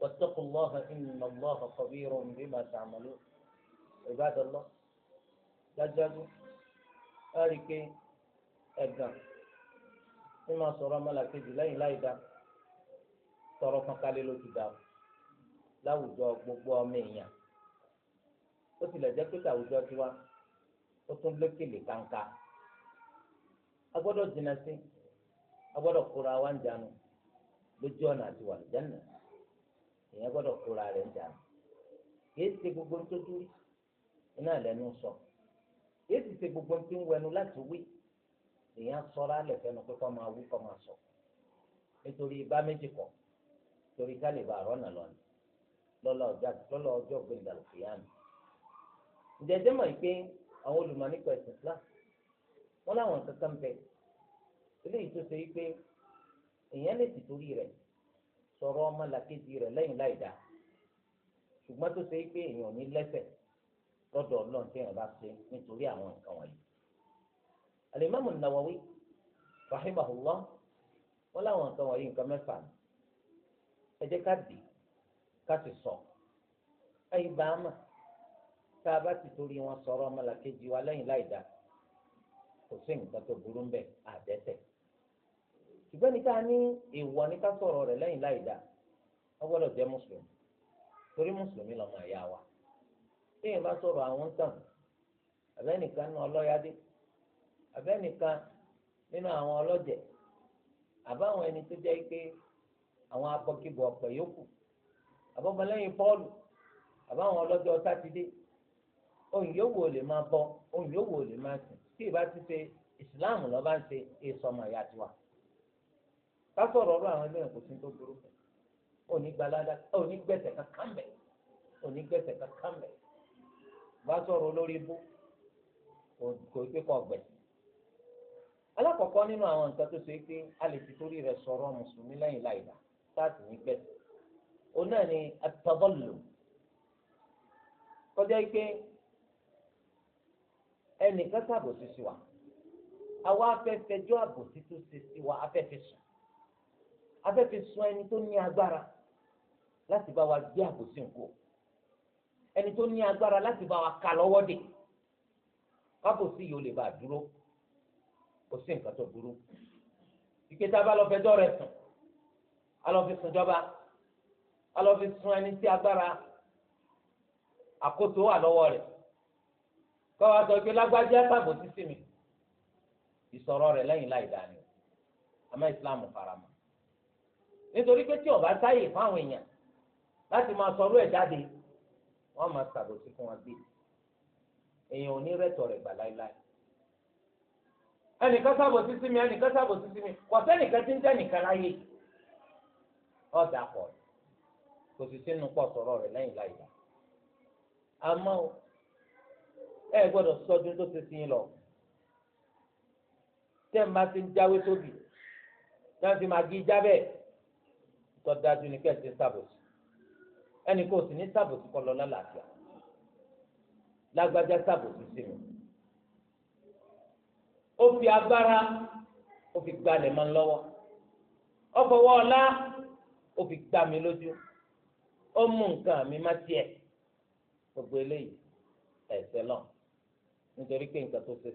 واتقوا الله إن الله خبير بما تعملون عباد الله دجاجو أريكي أجا إما صورة ملكة جلين لا يدا tọrọ kan kalẹ̀ ló ti ìyẹn gbọ́dọ̀ kóra rẹ̀ ń dànù kìí ṣe gbogbo tó dúró iná lẹ́nu sọ kìí sì ṣe gbogbo tí ń wẹnu láti wí èèyàn sọra lẹ̀ fẹ́nu pé kọ́ máa wí kọ́ máa sọ nítorí bá méjì kọ̀ torí ká lè bá rọ́nà lọ́nà lọ́lọ́ ọjọ́ gbẹ̀ngà lùfìyàmù ǹjẹ́jẹ́ mọ̀ pé àwọn olùmọ̀ ẹ̀sìn Islam wọ́n láwọn kankan bẹ̀ eléyìí tó ṣe wípé èèyàn lè ti torí rẹ̀ sọ̀rọ̀ ọmọ làkejì rẹ̀ lẹ́yìn láì dá ṣùgbọ́n tó ṣe pé èèyàn ní lẹ́sẹ̀ lọ́dọ̀ ọlọ́run tí èèyàn bá ṣe nítorí àwọn nǹkan wọ̀nyí. Al-Imam An-Nawawi rahimahullah wọn láwọn nǹkan wọ̀nyí nǹkan mẹ́fà ni ẹ jẹ́ ká dì ká sì sọ ẹ̀yìn bá a mà tá a bá ti torí wọn sọ̀rọ̀ ọmọ làkejì wa lẹ́yìn láì dá kò sí nǹkan tó burú ń bẹ àdẹ́tẹ̀ ṣùgbọ́n níta ní èèwọ̀ ní ká sọ̀rọ̀ rẹ̀ lẹ́yìn láì dáa wọ́n gbọ́dọ̀ jẹ́ mùsùlùmí torí mùsùlùmí lọ́mọ ìyá wa téèyàn bá sọ̀rọ̀ àwọn tàn àbẹ́nìkan nínú ọlọ́yàdé àbẹ́nìkan nínú àwọn ọlọ́jẹ̀ àbáwọn ẹni tó jẹ́ pé àwọn abọ́kíbọ̀ ọ̀pẹ̀ yòókù àbọ̀mọlẹ́yìn pọ́ọ̀lù àbáwọn ọlọ́jọ́ sátidé ohun yòówù ò lè máa bọ kásọ̀rọ̀ ọ̀rọ̀ àwọn ẹlẹ́yìn kò sí tó burú fún òní gbalada òní gbẹ̀sẹ̀ kankan mẹ́ òní gbẹ̀sẹ̀ kankan mẹ́ bá sọ̀rọ̀ olórí bú kò pé kọ́ gbẹ̀sẹ̀. alákọ̀ọ́kọ́ nínú àwọn nǹkan tó ṣe é pé a lè fi torí rẹ̀ sọ̀rọ̀ mùsùlùmí lẹ́yìn láìda táàtì ní gbẹ̀sẹ̀ òun náà ni atọ́bọ̀lù kọjá pé ẹnìkan sàbòsí sí wa àwa afẹ́fẹ́ àbòsí tó ṣe sí wa afẹ́fẹ́ sùn afẹ́fẹ́ sọ ẹni tó ní agbára láti bá wa gbé àbòsí nǹkó ẹni tó ní agbára láti bá wa kà lọ́wọ́ dè kábòsí yìí ó lè bá a dúró kò sí nǹkan tó burú ìpè tá a bá lọ fẹjọ́ rẹ̀ sùn a lọ fi sùn jọba a lọ fi sùn ẹni tí agbára àkóso wà lọ́wọ́ rẹ̀ kọ́ wa sọ pé lágbájá sábò sísè mi ìsọ̀rọ̀ rẹ̀ lẹ́yìn láì dání àmọ́ ìsìláàmù faramọ́ nítorí pé tí ọba sáyè fún àwọn èèyàn láti máa sọ̀rọ̀ ẹ̀ jáde wọ́n máa ṣàbòsí fún wọn gbé èèyàn ò ní rẹ́tọ̀ rẹ̀ gbà láéláé ẹnìkan ṣàbòsí sí mi ẹnìkan ṣàbòsí sí mi kò sẹ́nìkan tí ń jẹ́ nìkan láyé ọ̀dà pọ̀ kò sì sínú pọ̀ sọ̀rọ̀ rẹ̀ lẹ́yìn láìlá àmọ́ ẹ gbọ́dọ̀ sọdún tó ṣe sí lọ tẹ́ ẹ máa ti ń jáwé tóbi tẹ́ ẹ ti máa gé jábẹ́ẹ̀. tó dájú ni kẹ́ẹ̀sì sábòsì ẹnì kò sì ní sábòsì kọ́ lọ lálàáfíà lágbájá sábòsì sí mi ó fi agbára ó fi gba mọ́ lọ́wọ́ ó fọwọ́ ó fi gba mi lójú ó mú nǹkan mi má tiẹ̀ gbogbo eléyìí ẹ̀sẹ̀ lọ nítorí pé nǹkan tó ṣe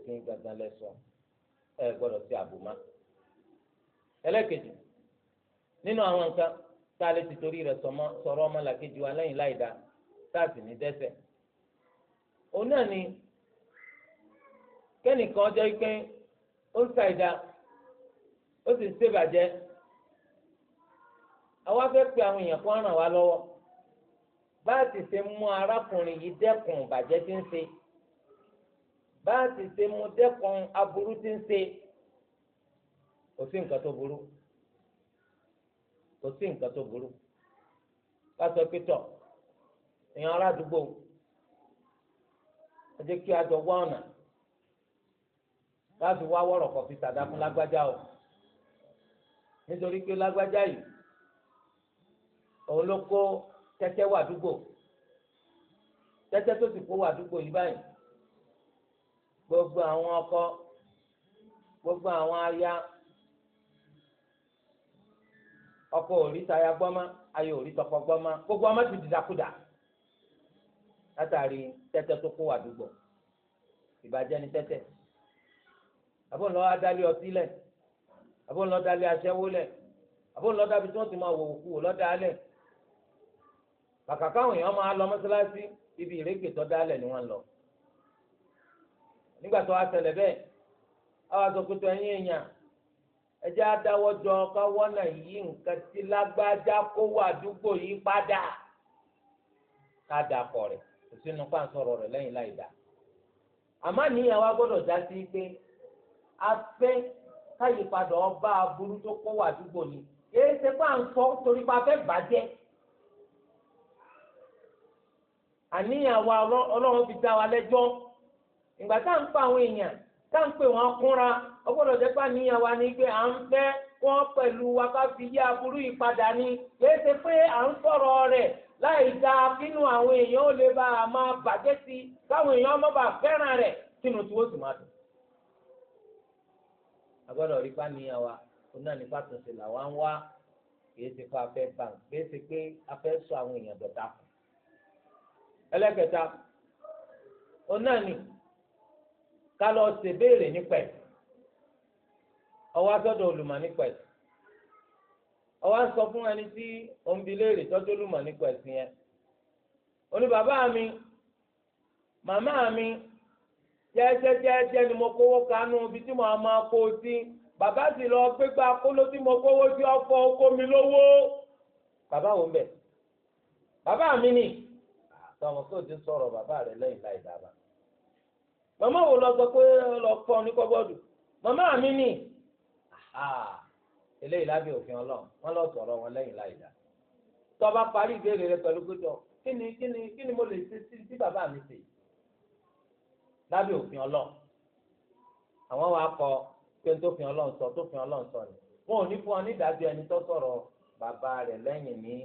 nínú àwọn nǹkan tá a lè ti torí rẹ̀ sọ̀rọ̀ ọmọlàkejì wa lẹ́yìn láìda tá a sì ní dẹ́ṣẹ̀ òun náà ni kẹ́nìkan jẹ́ pé ó ń ṣàìdá ó sì ń ṣèbàjẹ́ àwa fẹ́ pe àwọn èèyàn kan ràn wá lọ́wọ́ bá a ti ṣe mú arákùnrin yìí dẹ́kun ìbàjẹ́ tí ń ṣe bá a ti ṣe mú dẹ́kun aburú tí ń ṣe kò sí nǹkan tó burú kò sí nǹkan tó burú lásán pétọ èèyàn aládùúgbò ẹ jẹ́ kí a jọ wá ọ̀nà láti wá wọ̀rọ̀ kọfí sàdá fún lágbájá o nítorí pé lágbájá yìí òun ló kó tẹ́tẹ́ wà dúgbò tẹ́tẹ́ tó sì kó wà dúgbò yìí báyìí gbogbo àwọn ọkọ gbogbo àwọn aya ọkọ òrìṣà ya gbọ́mọ́ ayò òrìṣà ọkọ gbọ́mọ́ gbogbo ọmọ ti dìdàkudà látàrí tẹ́tẹ́ tó kó wà dùgbọ̀ ìbàjẹ́ ni tẹ́tẹ́ àbọ̀n lọ́ọ́ adálé ọtí lẹ̀ àbọ̀n lọ́ọ́ dálé dábí tí ti máa wò òkú lọ ibi ni lọ nígbà tó wá àwọn àtọkùtù ẹjẹ́ adáwọ́jọ káwọ́ náà yí nǹkan tí lágbájá kó wà àdúgbò yìí padà ká dà pọ̀ rẹ̀ kò sínú pàǹsọ̀rọ̀ rẹ̀ lẹ́yìn láì dá. àmọ́ níyàwó agbọ́dọ̀ já sí pé a fẹ́ káyípadà ọba aburú tó kó wà àdúgbò ni èyí ṣe pàǹsọ̀ torí pa fẹ́ bàjẹ́ àníyàn wa fi dá wa lẹ́jọ́ ìgbà tá à ń pa àwọn èèyàn tá à ń pè wọ́n kúnra ọgbọ́dọ̀ jẹ́ pé àníyàn wa ni à ń fẹ́ wọn pẹ̀lú wa ká fi yí ni kìí ṣe pé à ń láì a máa bàjẹ́ sí i káwọn èèyàn ọmọ bá fẹ́ràn sínú tí wọ́n sì máa dùn. rí pa làwọn ń wá kìí ṣe pé a fẹ́ bank kìí ṣe pé a fẹ́ sọ àwọn èèyàn ẹlẹ́kẹta ká lọ ṣèbéèrè nípa ẹ̀ ọwọ́ asọ́dọ̀ olùmọ̀ nípa ẹ̀sìn ọwọ́ asọ fún ẹni tí òǹbilérè tọ́jú olùmọ̀ nípa ẹ̀sìn yẹn ó ní bàbá mi màmá mi jẹ́jẹ́jẹ́jẹ́ ni mo kówó kanú ibi tí mo máa kó o sí bàbá sì lọ gbégbá kóló tí mo kówó sí ọkọ oko mi lówó bàbá wo ń bẹ̀ bàbá mi ni àtọmọ kó o ti sọ̀rọ̀ bàbá rẹ lẹ́yìn láì dábàá màmá wo lọ sọ pé lọ fọ́ ọ ní kọ́bọ́ọ̀dù màmá mi ni. eléyìí lábẹ́ òfin ọlọ́run wọ́n lọ sọ̀rọ̀ wọn lẹ́yìn láì dá tó o bá parí ìbéèrè rẹ pẹ̀lú gbẹdọ̀ kí ni kí ni kí ni mo lè ṣe sí tí bàbá mi ṣe lábẹ́ òfin ọlọ́run àwọn wa kọ pé tó fi ọlọ́run sọ tó fi ọlọ́run sọ ni wọn ò ní fún ọ ní ìdájọ́ ẹni tó sọ̀rọ̀ bàbá rẹ̀ lẹ́yìn ní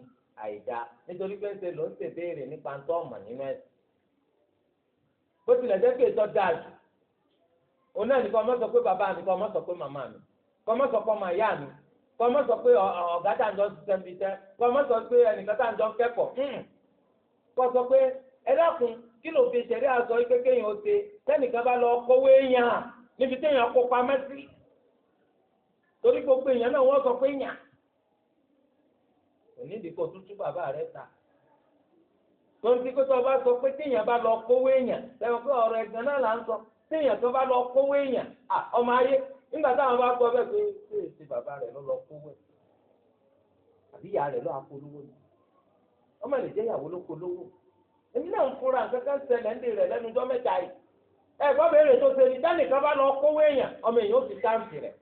àìdá nítorí pé ṣe ló ń ṣèbéèrè nípa ń tọ́ ọ̀mọ̀ nínú ẹ̀sìn bó tilẹ̀ jẹ́ pé ètò dáa jù òun náà nìkan ọmọ sọ pé bàbá mi kan ọmọ sọ pé màmá mi kọ́mọ́sọ̀ pé ọmọ ìyá mi kọ́mọ́sọ̀ pé ọ̀gá tá à ń jọ ṣiṣẹ́ níbi iṣẹ́ kọ́mọ́sọ̀ pé ẹnìkan tá à ń jọ kẹ́kọ̀ọ́ hmm. kọ́sọ̀ pé ẹ dákun kí ló fi ṣẹ̀rí àṣọ pé kéèyàn ó ṣe tẹ́nìkan bá lọ kówó èèyàn níbi téèyàn kó pamẹ́ sí torí gbogbo èèyàn náà wọ́n sọ pé yàn onídìí kò tútú bàbá rẹ ta tonti kó tó bá sọ pé téèyàn bá lọ kówó èèyàn lẹ́yìn pé ọ̀rọ̀ ẹ̀gbọ́n náà là ń sọ téèyàn tó bá lọ kówó èèyàn ọmọ ayé nígbà táwọn bá gbọ́ bẹ́ẹ̀ pé ṣé èsì bàbá rẹ̀ ló lọ kówó ẹ̀ àbí ìyá rẹ̀ ló apolówó ni ọmọ lè jẹ́ ìyàwó ló polówó èmi náà ń fura kankan ṣẹlẹ̀ ń dèrè lẹ́nu jọ́ mẹ́ta yìí ẹ gbọ́ bèrè tó ṣe ni dánìkan bá lọ kówó èèyàn ọmọ èèyàn ó ti táǹtì rẹ̀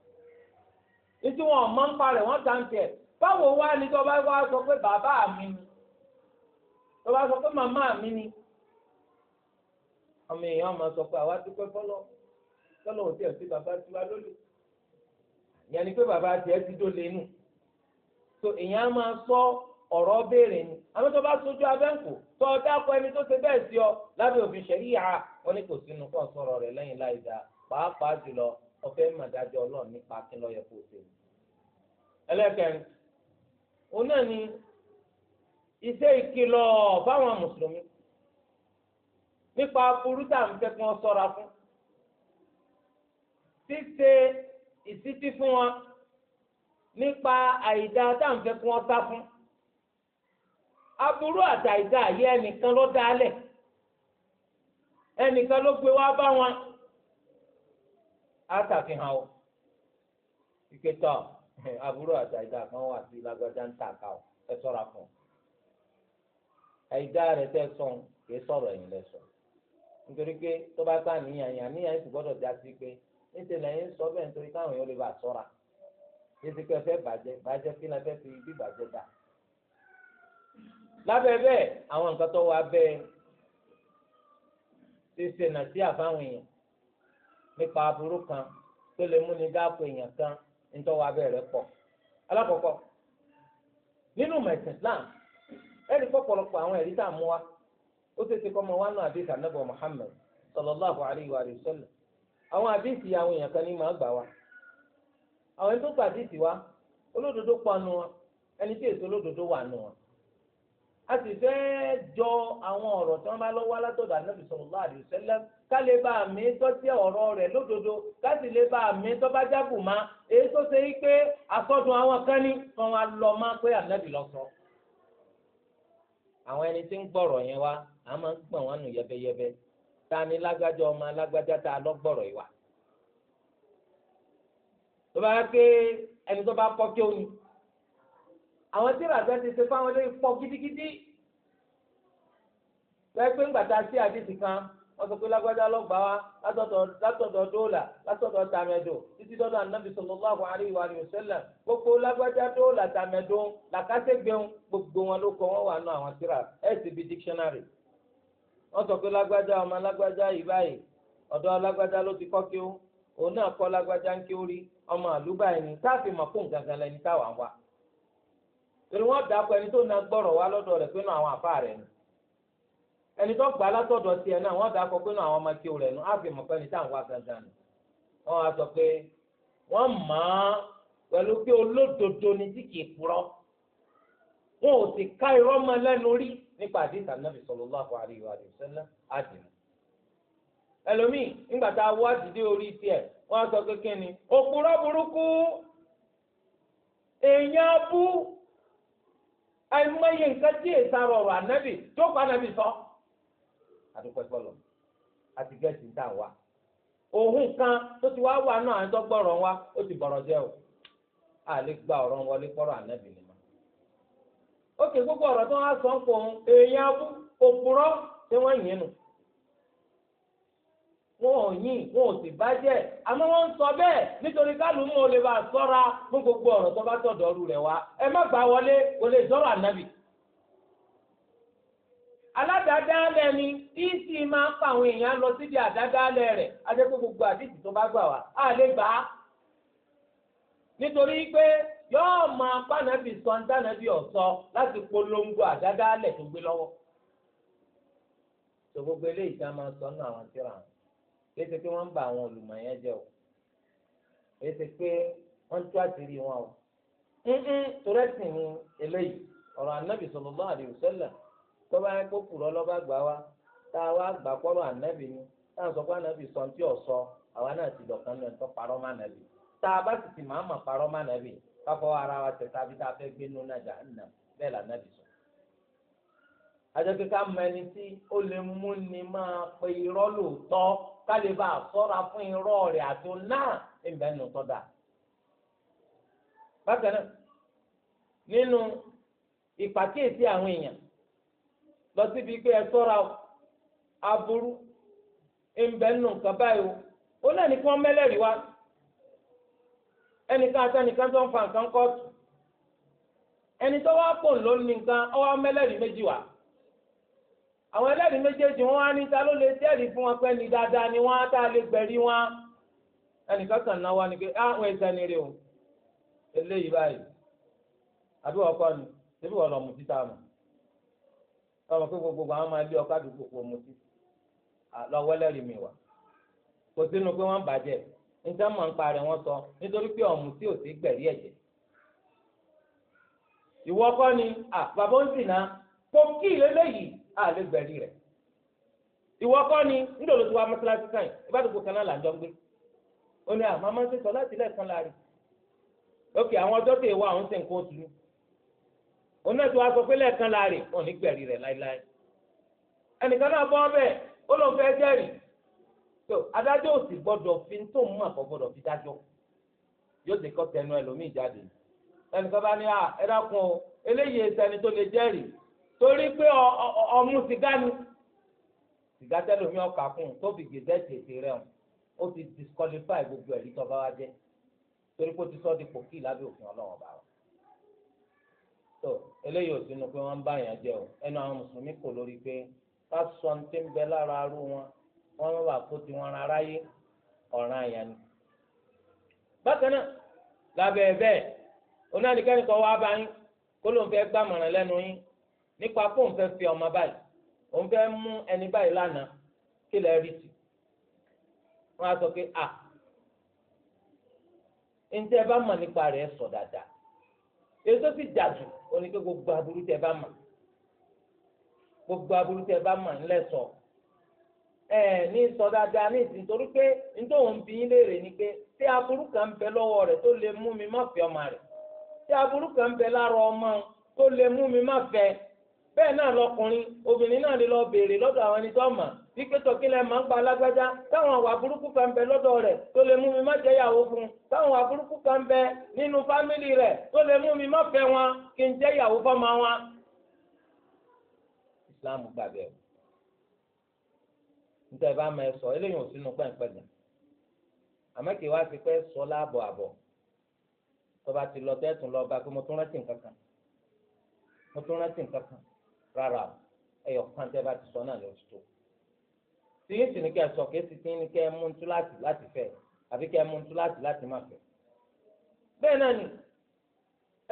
nítorí wọn ọmọ ń parẹ̀ wọ́n táǹtì ẹ̀ báwo wá ni tó bá wá sọ pé bàbá mi ni tó bá sọ pé màmá mi ni ọmọ èèyàn máa sọ pé àwa dúpẹ́ fọlọ́ tọ́lọ̀ òde ọ̀sẹ̀ bàbá tiwa lólè ìyẹn ni pé bàbá tiẹ̀ ti dó lẹ́nu tó ìyẹn á máa sọ ọ̀rọ̀ béèrè ni àmọ́ tó bá sojú abẹ́ǹkù tó ọdẹ akọ ẹni tó ṣe bẹ́ẹ̀ sí ọ lábẹ́ òfin ṣẹ̀ríyà wọn ni kò sínú kọ́ sọ̀rọ̀ rẹ̀ lẹ́yìn láì dáa pàápàá jùlọ ọ̀fẹ́ màdájọ́ ọlọ́run nípa kí lọ́ọ́ yẹ kó o ṣe. ẹlẹ́kẹ̀rin òun náà ni iṣẹ́ ìkìlọ̀ fáwọn mùsùlùmí nípa burúkú àǹfẹ́ kí wọ́n ṣíṣe ìsítí fún wọn nípa àìdá táǹfẹ́ fún wọn sá fún aburú àtàìdá yẹ ẹnìkan ló dálẹ̀ ẹnìkan ló gbé wá bá wọn á o ìkẹtọ aburú àtàìdá kan wà sí lágbájá ń tà ká o ẹ fún àìdá rẹ tẹ sọ kì sọ̀rọ̀ lẹsọ nítorí níṣẹ́ lẹ́yìn sọ bẹ́ẹ̀ nítorí káwọn èèyàn lè bá sọ́ra èsì pé ọ̀fẹ́ bàjẹ́ bàjẹ́ kí la fẹ́ fi ibi bàjẹ́ dà. lábẹ́ bẹ́ẹ̀ àwọn nǹkan tó wà bẹ́ẹ̀ ṣíṣe nà sí àfáwọn èèyàn nípa aburú kan tó lè múni dáko èèyàn kan wà bẹ́ẹ̀ rẹ pọ̀. alákọ̀ọ́kọ́ nínú mẹ̀sìn Islam ẹ̀rí pọ̀pọ̀lọpọ̀ àwọn ẹ̀rí tá a mú wa ó ṣeéṣe kọ́ ọmọ wa náà àdéhùn alayhi wa àwọn àdìsí àwọn èèyàn kan ní máa gbà wá àwọn ẹni tó gbà àdìsí wa olódodo pọ̀ nù wọn ẹni tí èso olódodo wà nù wọn a sì fẹ́ jọ àwọn ọ̀rọ̀ tí wọ́n bá lọ́wọ́ látọ̀dọ̀ ànábì sallallahu alaihi wasallam ká lè bá àmì tọ́sí ọ̀rọ̀ rẹ̀ lódodo ká sì lè bá àmì tó bá jábù má èyí tó ṣe pé asọ́dún àwọn kan ní kan wá lọ má pé ànábì lọ sọ. àwọn ẹni tí ń gbọ́rọ̀ yẹn wá a máa ta ni lágbájá ọmọ lágbájá ta lọ́gbọ̀rọ̀ ìwà tó bá pé ẹni tó bá kọ́ kí ó ní àwọn tí ràbẹ́ ti ṣe fáwọn olóyè pọ̀ gidigidi bẹ́ẹ̀ pé ńgbà tá a ṣe àdìsí kan wọ́n sọ pé lágbájá lọ́gbàá wa látọ̀dọ̀ dóòlà látọ̀dọ̀ tàmẹ̀dò títí dọ́dọ̀ anábì sallallahu alaihi wa sallam gbogbo lágbájá dóòlà tàmẹ̀dò làkàṣẹ́gbẹ̀ún gbogbo wọn ló kọ́ wọn wà nù àwọn tíra ẹ̀ sì bí dictionary. wọn sọ pé lágbájá ọmọ lágbájá yìí báyìí ọ̀dọ́ lágbájá ló ti kọ́ kí ó òun náà kọ lágbájá ń kí ó rí ọmọ àlùbá ẹni táàfin mọ̀ fún gangan lẹni táwa ń wá wọ́n ẹni tó na gbọ́rọ̀ wá lọ́dọ̀ rẹ̀ pínú àwọn rẹ̀ nù ẹni tó gbà látọ̀dọ̀ tiẹ̀ náà pínú àwọn ọmọ kí ó rẹ̀ nù gangan nù sọ nípa àdìsí ànábì sallallahu alaihi wa sallam àdìmú ẹlòmíì nígbà tá a wá dìde orí tiẹ̀ wọ́n á sọ kékeré ni òpùrọ́ burúkú èèyàn abú àìmọye nǹkan tí èsà rọrùn ànábì tó pa ànábì sọ àdúgbò àti kan tó ti wá wà wa ó ti bọrọ jẹ o àlè gba ọ̀rọ̀ wọlé ànábì ókè gbogbo ọ̀rọ̀ tó wá sọ ń pọ̀ èèyàn abú tí wọ́n yìn nù. wọn ò yìn wọn ò sì bàjẹ́ àmọ́ wọ́n ń sọ bẹ́ẹ̀ nítorí kálùmọ́ ò lè bá a sọ́ra fún gbogbo ọ̀rọ̀ tó bá tọ̀dọ̀ ọ̀rù rẹ̀ wá ẹ má gbà ni máa ń pa àwọn èèyàn lọ síbi rẹ̀ gbogbo tó bá gbà wá yóò máa pànàbì sọ̀ńdànàbì ọ̀sọ́ láti polongo àdádálẹ̀ tó gbé lọ́wọ́. tó gbogbo eléyìí tá a máa sọ náà àwọn tíra wọn kìí pé wọ́n ń ba àwọn olùmọ̀ jẹ́ o kìí pé wọ́n tú àṣírí wọn o. torẹ́sì ni eléyìí ọ̀rọ̀ ànábì sọ̀rọ̀ alaihi tó bá yẹ kó lọ́ba a wá káfọ́ ara wa tẹ̀ tàbí tá a fẹ́ gbé nínú náà jahannam bẹ́ẹ̀ lànà bìsọ. àjọkẹ́ká mọ ẹni tí ó lè mú ni máa pe irọ́ lóòótọ́ ká lè bá a sọ́ra fún irọ́ rẹ̀ àti náà ìgbà nínú tọ́da. bákan náà nínú ìpàkíyèsí àwọn èèyàn lọ síbi pé ẹ sọ́ra aburú ìgbà nínú nǹkan báyìí o ó náà ní kí wọ́n mẹ́lẹ́rìí wá ẹnìkan àti ẹnìkan tó ń fa nǹkan kọ́ọ̀tù ẹni tó wá pò ló ní nǹkan ọwọ́ mẹ́lẹ́rìí méjì wá àwọn ẹlẹ́rìí méjèèjì wọn á níta ló lè jẹ́rìí fún wọn pé ní dáadáa ni wọ́n á tá a lè gbẹ̀rí wọn ẹnìkan kan náà wá ní pé àwọn ah, ẹ̀sẹ̀ ni rè o eléyìí báyìí àbí wọ́n kọ́ ni ṣébí wọ́n lọ mú títà mọ́ ọmọ pé gbogbo àwọn máa lé ọkọ̀ àdúgbò pò mú títà lọ́wọ́ ẹlẹ́rìí mi wá kò sínú pé wọ́n bàjẹ́ níta máa ń parẹ́ wọn sọ nítorí pé ọ̀mù tí ò sí gbẹ̀rí ẹ̀jẹ̀ ìwọ kọ́ ni bàbá ń sìn náà kó kí ìlélẹ́yìí à lè gbẹ̀rí rẹ̀ ìwọ kọ́ ni nídòló tí wàá mọ́tíláṣí sáyìn ìbádògbò kan náà là ń jọ gbé ó ní àmọ́ máa ń sèso láti lẹ́ẹ̀kan láàrin ókè àwọn ọjọ́ tè wá àwọn sèǹkó tu òun náà tí wàá sọ pé lẹ́ẹ̀kan láàrin òun ní gbẹ̀rí rẹ̀ láíláí ẹnìkan náà bọ́ bẹ́ẹ̀ ó lóun fẹ́ so adájọ́ ò sì gbọ́dọ̀ fi tó ń mọ̀ kó gbọ́dọ̀ fi dájọ́ yóò ti kọ́ tẹnu ẹlòmíì jáde ẹnìkan bá ní ẹ dákun o eléyìí ẹsẹni tó lè jẹ́rìí torí pé ọmú sìgá ni sìgá tẹlòmíì ọkà kùn tó fi gèdè tètè rẹ̀ ó ti disqualify gbogbo ẹ̀rí tó bá wá jẹ́ torí pé ó ti sọ di pòkì lábẹ́ òfin ọlọ́wọ́n bá wọn tó eléyìí ò sínú pé wọ́n ń bá yàn jẹ́ o ẹnu àwọn mùsùlùmí kò lórí pé ká sọ ní tí ń bẹ lára arú wọn wọ́n má bàa kó tiwọn rárá yé ọ̀ràn àyà ni. bákan náà lábẹ́ bẹ́ẹ̀ onáníkẹ́ni kan wá bá yín kó ló ń fẹ́ gbàmọ̀ràn lẹ́nu yín nípa kó ń fẹ́ fi ọmọ báyìí òun fẹ́ mú ẹni báyìí lánàá kí lè rí ti wọ́n á sọ pé à ń tẹ́ bá mọ̀ nípa rẹ̀ sọ dáadáa èyí sì jà jù ó gbogbo aburú tẹ́ bá mọ̀ gbogbo aburú tẹ́ bá mọ̀ ńlẹ̀ sọ̀rọ̀ ẹ ní sọ dáadáa ní ìsìn torí pé nítorí bí yín léèrè ni pé tí aburú kan bẹ lọ́wọ́ rẹ̀ tó lè mú mi má fẹ́ ọmọ rẹ̀ tí aburú kan bẹ lára ọmọ tó lè mú mi má fẹ́ bẹ́ẹ̀ náà lọkùnrin obìnrin náà lè lọ béèrè lọ́dọ̀ àwọn ẹni tó mọ̀ tọ́kílẹ̀ máa ń mi má jẹ́ ìyàwó fún táwọn kan bẹ nínú fámìlì rẹ̀ tó lè mú n jẹ́ Islam níta ẹ bá máa sọ eléyìí ò sínú pẹ̀ǹpẹ̀ǹdà àmọ́ kì í wá sí pé sọ láàbọ̀ àbọ̀ tó bá ti lọ tẹ́tùn lọ bá pé mo tún rántí nǹkan kan mo tún rántí nǹkan kan rárá o ẹyọ kan tẹ́ bá ti sọ náà lọ sí tó tí yín sì ní kẹ́ sọ kí sì ti ní kẹ́ mú ntú láti láti fẹ́ àbí kẹ́ mú ntú láti láti má fẹ́ bẹ́ẹ̀ náà ni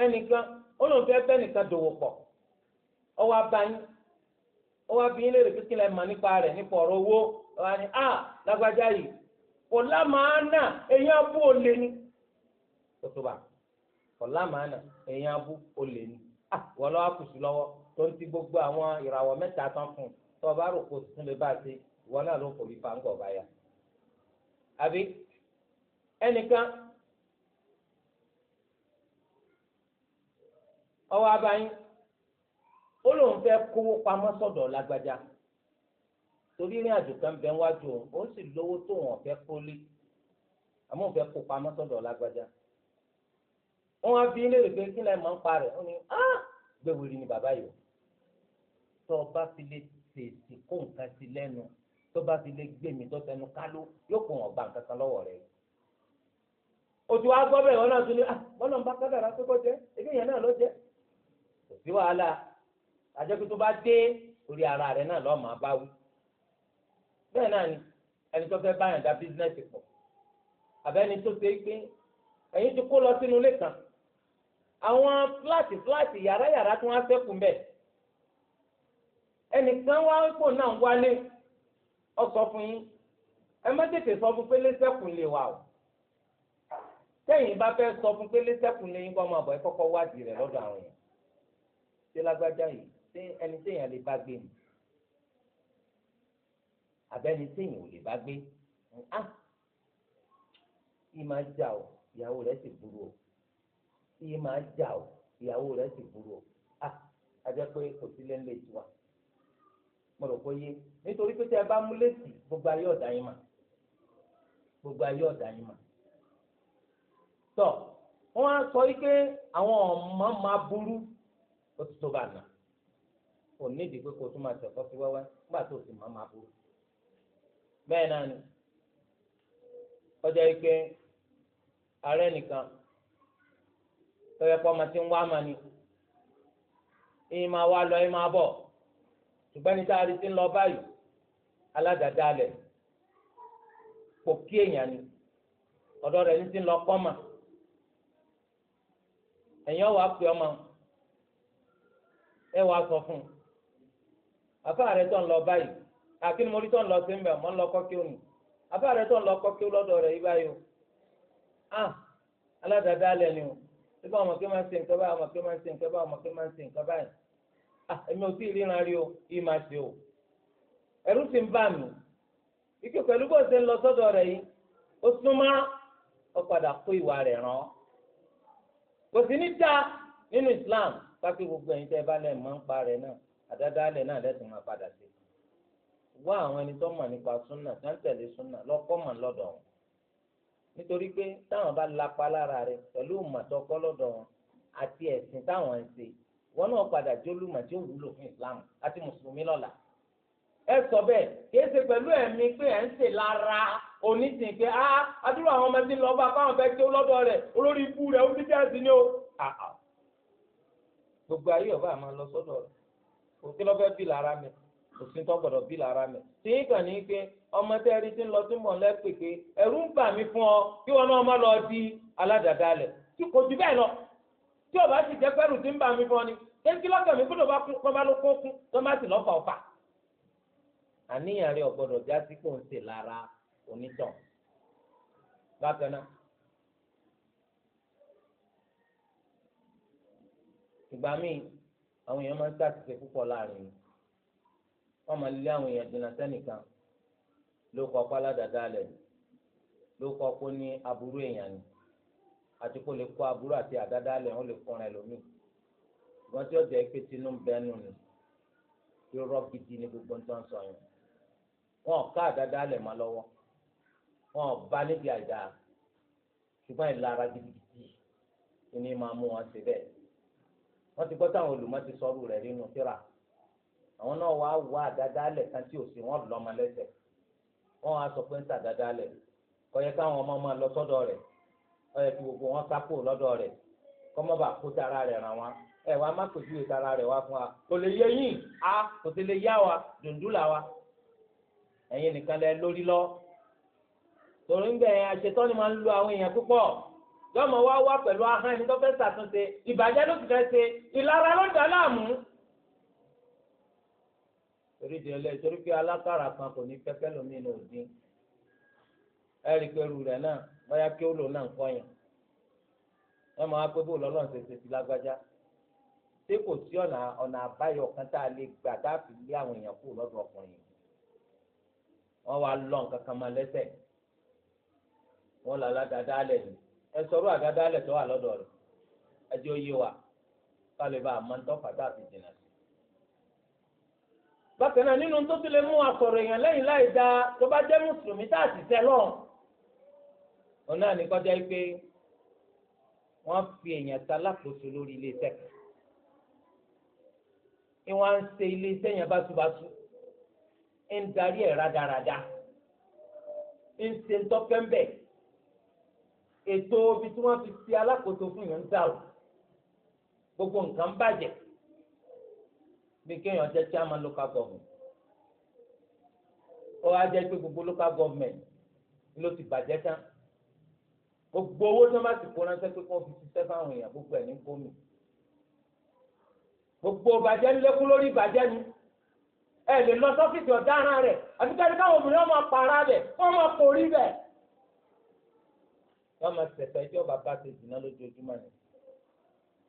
ẹnìkan olóńfẹ́ fẹ́ nìkan dòwò pọ̀ ọwọ́ abáyín ó wá bí ilé rẹ̀ pé kí lẹ́ mọ̀ nípa rẹ̀ nípa ọ̀rọ̀ owó wá ní à ah, lágbájá yìí kò lámàánà èèyàn abú ò lè ní. kòtòbà kò lámàánà èèyàn abú ò lè ní. à wọ́n lọ́wọ́ kùsù lọ́wọ́ tó ń ti gbogbo àwọn ìràwọ̀ mẹ́ta tán fún un tó o bá rò kó tuntun lè bá a ṣe ìwọ náà ló ń kò bí fáńgọ̀ báyà. àbí ẹnìkan ọwọ́ abáyín ó lóun fẹ́ kówó pamọ́ sọ̀dọ̀ lágbájá torí ìrìn àjò kan bẹ wájú òun ó sì lówó tó wọn fẹ́ kólé àmọ́ òun fẹ́ kó pamọ́ sọ́dọ̀ lágbájá wọn á bí léèrè pé kí lẹ máa ń pa rẹ̀ wọn ni ah! gbẹwìrì ni bàbá yìí tó o bá fi lè tètè kó nǹkan sí lẹ́nu tó o bá fi lè gbé mi tó kálú yóò kó wọn bá nǹkan kan lọ́wọ́ rẹ̀ òtù wa gbọ́ bẹ́ẹ̀ wọn náà tún ní ah! bọ́lá ń bá kádàrá tó kọ́ jẹ́ ebi yẹn náà ló jẹ́ kò wàhálà àjẹkù tó bá dé orí ara rẹ náà lọ́ọ́ bá wí. bẹ́ẹ̀ náà ni ẹni tó fẹ́ báyàn dá bísínẹ́sì pọ̀ àbẹ́ni tó ṣe é pé ẹ̀yin ti kó lọ sínú ilé kan àwọn fúláàtì fúláàtì yàrá yàrá tí wọ́n ṣẹ́kù mbẹ́ ẹnìkan wá pò náà wálé ó sọ fún yín ẹ má tètè sọ fún pé lẹ́sẹ̀kù lè wà o tẹ́yìn bá fẹ́ sọ fún pé lẹ́sẹ̀kù lè yín kọ́ máa bọ̀ ẹ kọ́kọ́ wádìí rẹ̀ lọ́dọ̀ àwọn yẹn ṣé lágbájá yìí ṣé ẹni téèyàn lè bá gbé ni àbẹ́ni téèyàn ò lè bá gbé á ìmọ̀ ajá o ìyàwó rẹ̀ sì burú o ìmọ̀ ajá o ìyàwó rẹ̀ sì burú o á ah! ajẹ́ pé kò sí lẹ́ńlẹ̀ tiwa mo rò pé yé nítorí pé tí ẹ bá mú létí gbogbo ayé ọ̀dà yín mà gbogbo ayé ọ̀dà yín mà tọ́ wọ́n á sọ wípé àwọn ọmọ máa burú ó ti tó bá nà. kò nídìí pé kò tún máa tẹ̀kọ́ sí wẹ́wẹ́ nígbà tó sì máa máa burú. bẹ́ẹ̀ náà ni ọjọ́ yìí pé ààrẹ nìkan tọ́yẹ ọmọ ń wá máa wá lọ máa bọ̀ ṣùgbọ́n ní táàrí ti ń lọ báyìí aládàádáalẹ̀ kò kí èèyàn ni ọ̀dọ́ rẹ̀ ní ti ń lọ pọ́mà ẹ̀yìn ọ̀wá pé ọmọ ẹ wàá sọ fún un àfa rẹ tó ń lọ báyìí àkínní mo rí tó ń lọ sí mbẹ mọ ń lọ kọkí òní àfa rẹ tó ń lọ kọkí lọ́dọ̀ rẹ yìí báyìí o ah aládàáda alẹ ni o nígbà wọn kí máa ń ṣe nǹkan báyìí wọn kí máa ń ṣe nǹkan báyìí wọn kí máa ń ṣe nǹkan báyìí ah èmi ò tí ì ríran rí o yìí máa ṣe o ẹ̀rù ti ń bà mí ike pẹ̀lú bó ṣe ń lọ sọ́dọ̀ rẹ yìí ó súnmọ́ ó padà kó ìwà rẹ̀ rán kò sí ní ta nínú Islam pápẹ́ gbogbo ẹ̀yin tẹ́ ẹ bá lẹ̀ máa ń pa rẹ̀ náà àdádálẹ̀ náà lẹ́sìn máa padà sí wá àwọn ẹni tó mọ̀ nípa súnà tó ń tẹ̀lé súnà lọ́kọ́ mọ̀ lọ́dọ̀ wọn nítorí pé táwọn bá lapa lára rẹ pẹ̀lú ìmọ̀tọ́kọ́ lọ́dọ̀ wọn àti ẹ̀sìn táwọn ń ṣe wọn náà padà jólúmọ̀ tí ó wúlò fún Islam àti mùsùlùmí lọ́la ẹ sọ bẹ́ẹ̀ kìí ṣe pẹ̀lú ẹ̀mí pé ẹ ń ṣe lára onísìn pé á adúrò àwọn ọmọ ẹbí lọ́ba fáwọn fẹ́ tó lọ́dọ̀ rẹ olórí ikú rẹ ó ti dẹ́sí ni ó gbogbo ayé ọba àmọ́ lọ sọ́dọ̀ rẹ òkè lọ́fẹ́ bí lára mi òsín tó gbọ́dọ̀ bí lára mi tí yín kàn ní pé ọmọ tẹ́ ẹni tí ń lọ sí mọ̀ lẹ́pẹ̀pẹ́ ẹ̀rú ń bà mí fún ọ kí wọn náà má lọ di aládàdalẹ̀ tí kò jù bẹ́ẹ̀ lọ tí ọba sì jẹ́ pẹ́rù tí ń bà mí fún ọ ni kéńtì lọ́kàn mi gbọ́dọ̀ bá kún kọ́ bá ló kún kún tó má sì lọ́fà ọ̀fà. àníyàn rẹ ọ̀gbọ́dọ̀ já sí pò ń ṣe lára onítàn bákan náà. ìgbà míì àwọn èèyàn máa ń ṣàtìṣe púpọ̀ láàrin mi wọ́n máa lé àwọn èèyàn dènà sẹ́nìkan ló kọ́ ọpá ládàáda lẹ̀ ló kọ́ ọpọ́ ní aburú èèyàn ni àti kó lè kó aburú àti àdáda lẹ̀ wọ́n lè kọ́ra ẹlòmíì ṣùgbọ́n tí ó pé tinú ń bẹ́nu ni irọ́ gidi ni gbogbo ń tán sọ yẹn wọn ò ká àdáda lẹ̀ mọ́ lọ́wọ́ wọn ò bá níbi àìdáa ṣùgbọ́n ìlara gidigidi ni máa mú wọn ṣe bẹ́ẹ̀ wọ́n ti gbọ́ táwọn olùmọ̀ ti sọ ọrú rẹ̀ nínú síra àwọn náà wàá wá àdádálẹ̀ kan tí ò sí wọ́n lọ́mọ lẹ́sẹ̀ wọ́n wá sọ pé ń sàdádálẹ̀ kò yẹ káwọn ọmọ máa lọ sọ́dọ̀ rẹ̀ ó yẹ kí gbogbo wọn sápò lọ́dọ̀ rẹ̀ kọ́mọ́bà kó tara rẹ̀ ràn wá ẹ wàá má pèsè ìwé tara rẹ̀ wá fún wa kò lè yé yín a kò sì lè yá wa dùndú là wa ẹ̀yin nìkan lẹ lórí lọ torí ń àṣetọ́ ni máa ń lu àwọn èèyàn púpọ̀ yọmọ wa wá pẹ̀lú ahọ́n ẹni tó fẹ́ ṣàtúnṣe ló ti ṣe ìlara ló dá láàmú. kan kò ní pẹ́pẹ́ lómi ní ẹ rí i pé ru rẹ̀ náà bóyá kí ó lò náà ń kọ́ yẹn ẹ máa pé bó lọ́lọ́run ti lágbájá ṣé kò sí ọ̀nà ọ̀nà àbáyọ kan tá a lè gbà tá a fi lé àwọn èèyàn kúrò lọ́dọ̀ ọkùnrin wá lọ nǹkan kan máa lẹ́sẹ̀ ẹ sọ̀rọ̀ àdáda lẹ̀ tó wà lọ́dọ̀ rẹ̀ ẹ jẹ́ oyé wa kálí bá a máa ń tọ́ fàtà àti jìnnà sí. bákan náà nínú tó ti lè mú àsọ̀rọ̀ lẹ́yìn láì da tó bá jẹ́ mùsùlùmí tá a sì tẹ́ lọ́n. òun náà ní kọjá pé wọ́n fi èèyàn ta lákòóso lórí iléeṣẹ́ kan. ìwọ̀n à ń ṣe iléeṣẹ́ yẹn báṣubàṣu ń darí ẹ̀ rádaràda ń ṣe ń tọ́ pẹ́ńbẹ́ẹ̀ ètò ibi tí wọ́n fi ti alákòóso fún yàn ń dàrú gbogbo nǹkan bàjẹ́ bí kéèyàn jẹ́ chairman local government ó wá jẹ́ pé gbogbo local government ló ti bàjẹ́ tán gbogbo owó tí wọ́n bá ti kó ránṣẹ́ pé kí wọ́n fi ṣiṣẹ́ fáwọn èèyàn gbogbo ẹ̀ ní gómì gbogbo bàjẹ́ lékún lórí bàjẹ́ ni ẹ lè lọ sọ́fíìsì ọ̀daràn rẹ̀ àti káyọ̀ káwọn obìnrin wọn máa pààrà rẹ̀ wọ́n máa kórìí rẹ̀ wọ́n máa tẹ̀sẹ̀ ẹjọ́ bàbá ṣe jìnnà lójoojúmọ́ ni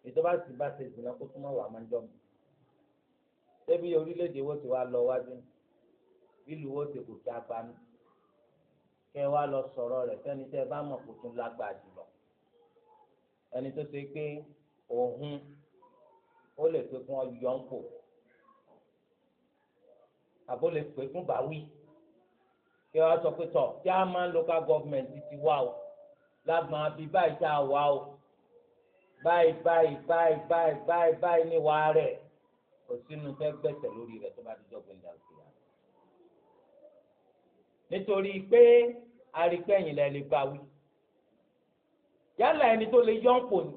ìjọba sì bá ṣe jìnnà kó túmọ̀ wà máa ń jọ mi. débi orílẹ̀-èdè wo ti wá lọ wájú ìlú wo ti kò já gbanú kẹ wá lọ sọ̀rọ̀ rẹ̀ sẹ́ni tẹ́ ẹ bá mọ̀ kó tún lágbà jùlọ ẹni tó ṣe pé òun ó lè pé fún ọyọ ń pò àbó lè pé fún báwí kí wọ́n sọ pé tọ̀ kí a máa ń local government ti wá o lágbọn àbí báyìí tá a wà o báyìí báyìí báyìí báyìí báyìí báyìí ní wàá rẹ̀ kò sínú fẹ́ gbẹ̀sẹ̀ lórí rẹ̀ tó bá ti dọ́gbìn dàgbìn yàrá. nítorí pé arìgbẹ́yìn lẹ lè bá yálà ẹni tó lè yọ̀ǹpò ni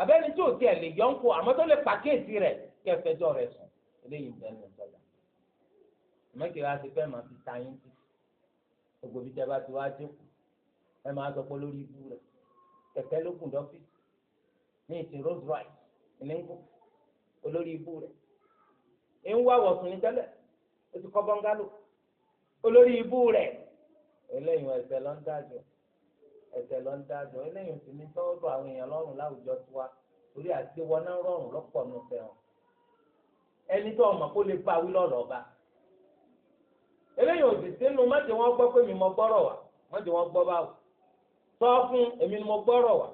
àbẹ́ni tí ò tiẹ̀ lè yọ̀ǹpò àmọ́ tó lè pàkíyèsí rẹ̀ kí ẹ fẹjọ́ rẹ̀ sùn eléyìí ń bẹ́ẹ̀ lọ́jọ́ mẹ́kìlá ti fẹ́ máa fi ta yín sí gbogbo bí ti wá jókòó ẹ máa sọ pé lórí ibú rẹ̀ kẹ̀kẹ́ ló kùn dọ́fíìsì ní ìsìn Rolls Royce ìníngò olórí ibú rẹ̀ ẹ ń wá wọ̀sùn ní tẹ́lẹ̀ ó ti kọ́ bọ́ngálò olórí ibú rẹ̀ eléyìí ẹsẹ̀ ló ń dájọ́ ẹsẹ̀ ló ń dájọ́ eléyìí sì ní tọ́wọ́dọ̀ àwọn èèyàn lọ́rùn láwùjọ tiwa torí àti wọn náà rọrùn lọ́pọ̀ nù fẹ́ràn ẹni tó ọmọ kó lè bá wí lọ́rọ̀ ọba eléyìí òsì sínú má ti wọ́n gbọ́ pé mi mọ gbọ́rọ̀ wá má ti wọ́n gbọ́ báwò sọ fún èmi ni mo gbọ́rọ̀ wá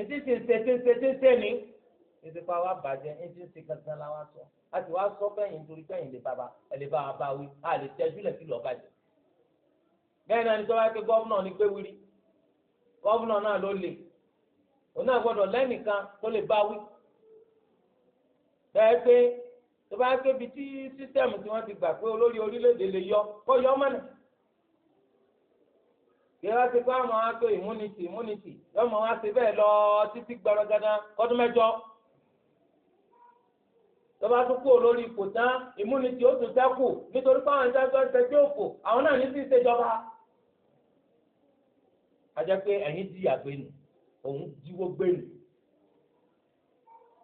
etí ti ń ṣe tí ń ṣe tí ń ṣe ní ìsìnkú wa bàjẹ́ etí ń ṣe kankan la wa sọ a sì wá sọ bẹ́yìn nítorí bẹ́yìn lè bàbá ẹ̀lẹ́ bá wa bá wí a lè tẹ́jú lẹ̀ sí lọ́ọ́ bàjẹ́ bẹ́ẹ̀ náà ni sọ́wọ́ pé gọ́vnà ni pé wíri gọ́vnà náà ló lè òun náà gbọ́dọ̀ lẹ́nìkan tó lè bá wí bẹ́ẹ̀ pé tó bá ké tí sísẹ́mù tí wọ́n ti gbà pé olórí orílẹ̀-èdè lè yọ kó yọ mọ́nà yẹ́nà ti bá àwọn àgbẹ̀ immunity immunity yọ́n mọ̀ wá sí bẹ́ẹ̀ lọ títí gbọ́dọ̀ gángan kọ́dún mẹ́jọ. tọ́ba tó kú olórí ipò tán immunity ó tún dẹ́kù nítorí báwọn ìdájọ́ ń tẹ́jú òkò àwọn náà ní sí ìṣèjọba. a jẹ́ pé ẹ̀yin di àgbẹ̀ nù òun jíwó gbé nù.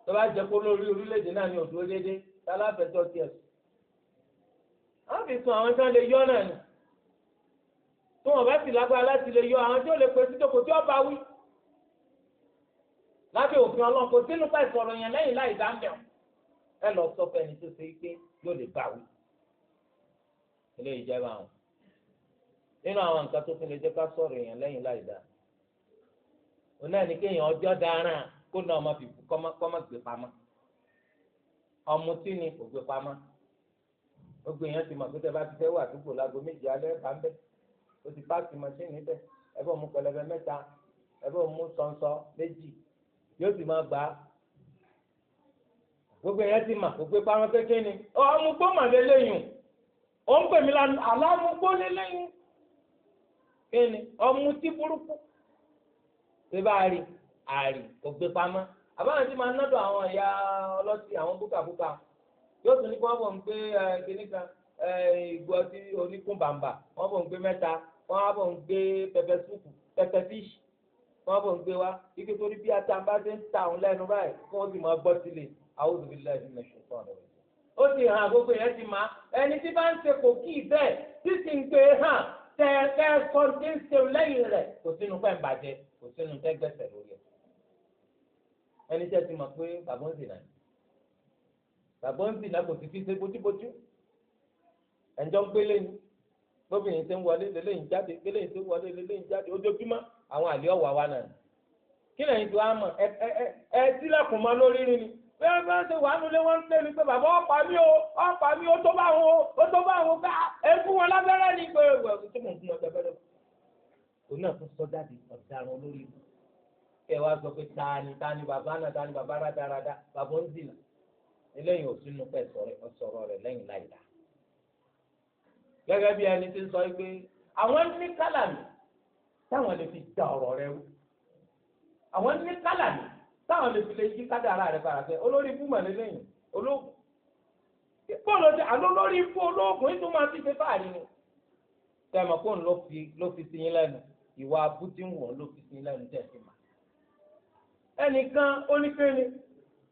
tọ́ba jẹ́ pé olórí orílẹ̀-èdè náà ní òdúró déédéé tálá fẹ́tọ́ tiẹ̀ sùn. wọ́n fi sun àwọn tí wọ́n lè tó wọn bá sì lágbára láti lè yọ àwọn tí ó lè pè sí tòkò tí ó bá wí lábẹ́ òfin ọlọ́run kò sínú ká ìsọ̀rọ̀ yẹn lẹ́yìn láì dá mẹ́ọ̀ ẹ lọ sọ fẹ́ni tó ṣe pé yóò lè bá wí. ilé ìjẹba àwọn nínú àwọn nǹkan tó fi lè jẹ́ ká sọ̀rọ̀ yẹn lẹ́yìn láì dá òun náà ní kéèyàn ọjọ́ dára kó náà ọmọ fìfú kọ́mọ gbé pamọ́ ọmọ tí ni kò gbé pamọ́ gbogbo èèyàn ti mọ̀ pé tẹ bá ti fẹ́ wà àdúgbò lágbo méje alẹ́ bá ń o ti páàkì mọ́ṣíìnì níbẹ̀ ẹ bọ́ mú pẹlẹbẹ mẹ́ta ẹ bọ́ mú sọ̀nsọ̀ méjì yóò sì máa gbà á gbogbo ẹ̀yẹ́ ti mà gbogbo parọ́ kékeré ni ọmọgbó mà lélẹ́yìn ó ń pè mí lánàá alámúgbó lélẹ́yìn kí ni ọmọtí burúkú ṣé bá a rí àrí kò gbé pamọ́ àbáwọn tí máa ń nọ́dọ̀ àwọn ìyá ọlọ́sìn àwọn búkàbúkà yóò tún ní kí wọ́n bọ̀ ń pé kíní kan Eh, ìgbọ́ tí oníkùn bàǹbà wọ́n bọ̀ ń gbé mẹ́ta wọ́n bọ̀ ń gbé pẹpẹ súùpù pẹpẹ fíṣì wọ́n bọ̀ ń gbé wa ike torí bí atamba ṣe ń ta òun lẹ́nu báyìí kí wọ́n sì máa gbọ́ sílẹ̀ àwọn òbí lẹ́nu mẹ́sàn-án sọ̀rọ̀ ó ti hàn gbogbo yẹn ti máa ẹni tí bá ń ṣe kò kí ì bẹ́ẹ̀ tí sì ń gbé hàn tẹ́ẹ̀kẹ́ sọ ní ṣe lẹ́yìn rẹ̀ kò sínú pẹ́ bàjẹ́ kò sínú tẹ́gbẹ̀sẹ̀ lórí ẹ̀. ẹni tẹ́ ti mọ̀ pé bàbá ń sìn náà bàbá ń sìn náà kò sì fi ṣe bójúbójú ẹ̀ńjọ́ gbélé ni gbóbìnrin ti ń wọlé lélẹ́yìn jáde lélẹ́yìn ti ń wọlé lélẹ́yìn jáde ojoojúmọ́ àwọn àlè ọ̀wà wa náà kí lẹ́yìn tó a mọ̀ ẹ ẹ ẹ ẹ sílẹ̀kùn mọ́ lórí rin ni bí wọ́n bá ṣe wàá nulẹ̀ wọ́n ń pè mí pé bàbá ọ̀pá mi o ọ̀pá mi o tó bá wọn o ó tó bá wọn ká ẹ wọn lábẹ́rẹ́ ni pé o náà tún sọ ọ̀daràn olórí mi kẹ wá sọ pé tani tani bàbá náà tani bàbá rádaràda bàbá ń zìlà eléyìí ò sínú pẹ̀ sọ̀rọ̀ rẹ̀ lẹ́yìn láìláà gẹ́gẹ́ bí ẹni tí ń sọ pé àwọn ní kálàmì táwọn lè fi da ọ̀rọ̀ rẹ wú àwọn ní kálàmì táwọn lè fi lè yí kádàrá rẹ fara fẹ olórí fún mọ̀lẹ́lẹ́yìn olóògùn bọ́ọ̀lù ọjà àlọ́ lórí ikú olóògùn ètò máa ti ṣe fáàrí ni tẹmọ kó ló fi ló fi sí yín lẹ́nu ìwà abútí ń wọ̀ ló fi sí yín lẹ́nu tẹ̀sí ma ẹnìkan oníkéré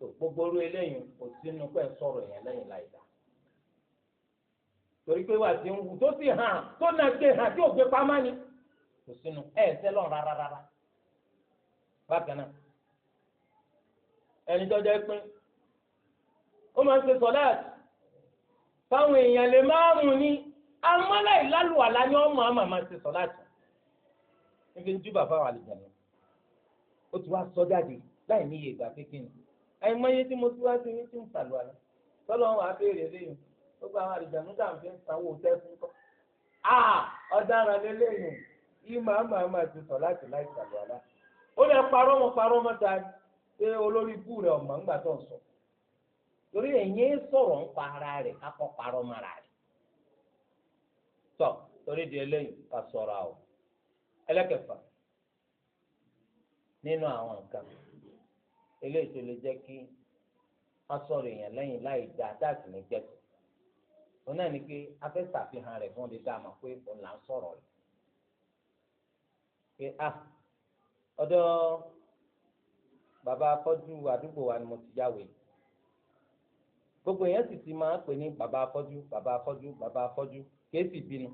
tó gbogbo orú kò sínú pẹ́ sọ̀rọ̀ yẹn lẹ́yìn torí pé wà sí ń tó sì hàn tó nà gbé hàn tí gbé ni kò sínú ẹ̀ sẹ́lọ̀ rárá rárá bákan náà ẹni ó máa ń ṣe fáwọn èèyàn lè máa mú ni amọ́lẹ̀ ìlálù àlá ni máa ṣe níbi wa ó ti wá sọ jáde àìmọye tí mo síwájú yín tí ń sàlùwàlà ala wọn àbẹ̀rẹ̀ eléyìí gbogbo àwọn àdìjànú tá à ń fi ń sanwó a ọ̀daràn lélẹ́yìn yìí máa máa máa ti sọ láti láì sàlùwàlà. ó lè parọ́ mọ́ parọ́ mọ́ ta dị olórí ikú rẹ̀ ọ̀mà tó ń sọ. torí ara parọ́ torí di ká sọ̀rọ̀ àwọn ẹlẹ́kẹ̀fà nínú eléyìí tó lè jẹ́ kí wọ́n sọ̀rọ̀ èèyàn lẹ́yìn láì dáa dáàtì ní jẹ́ tó òun náà ni pé a fẹ́ ṣàfihàn rẹ̀ fún ọdẹ dáa mọ̀ pé òun là ń sọ̀rọ̀ rẹ̀ pé a ọ̀dọ̀ bàbá afọ́jú àdúgbò wa ni mo ti yáwé gbogbo èèyàn sì ti máa pè ní bàbá afọ́jú bàbá afọ́jú bàbá afọ́jú kéésì bínú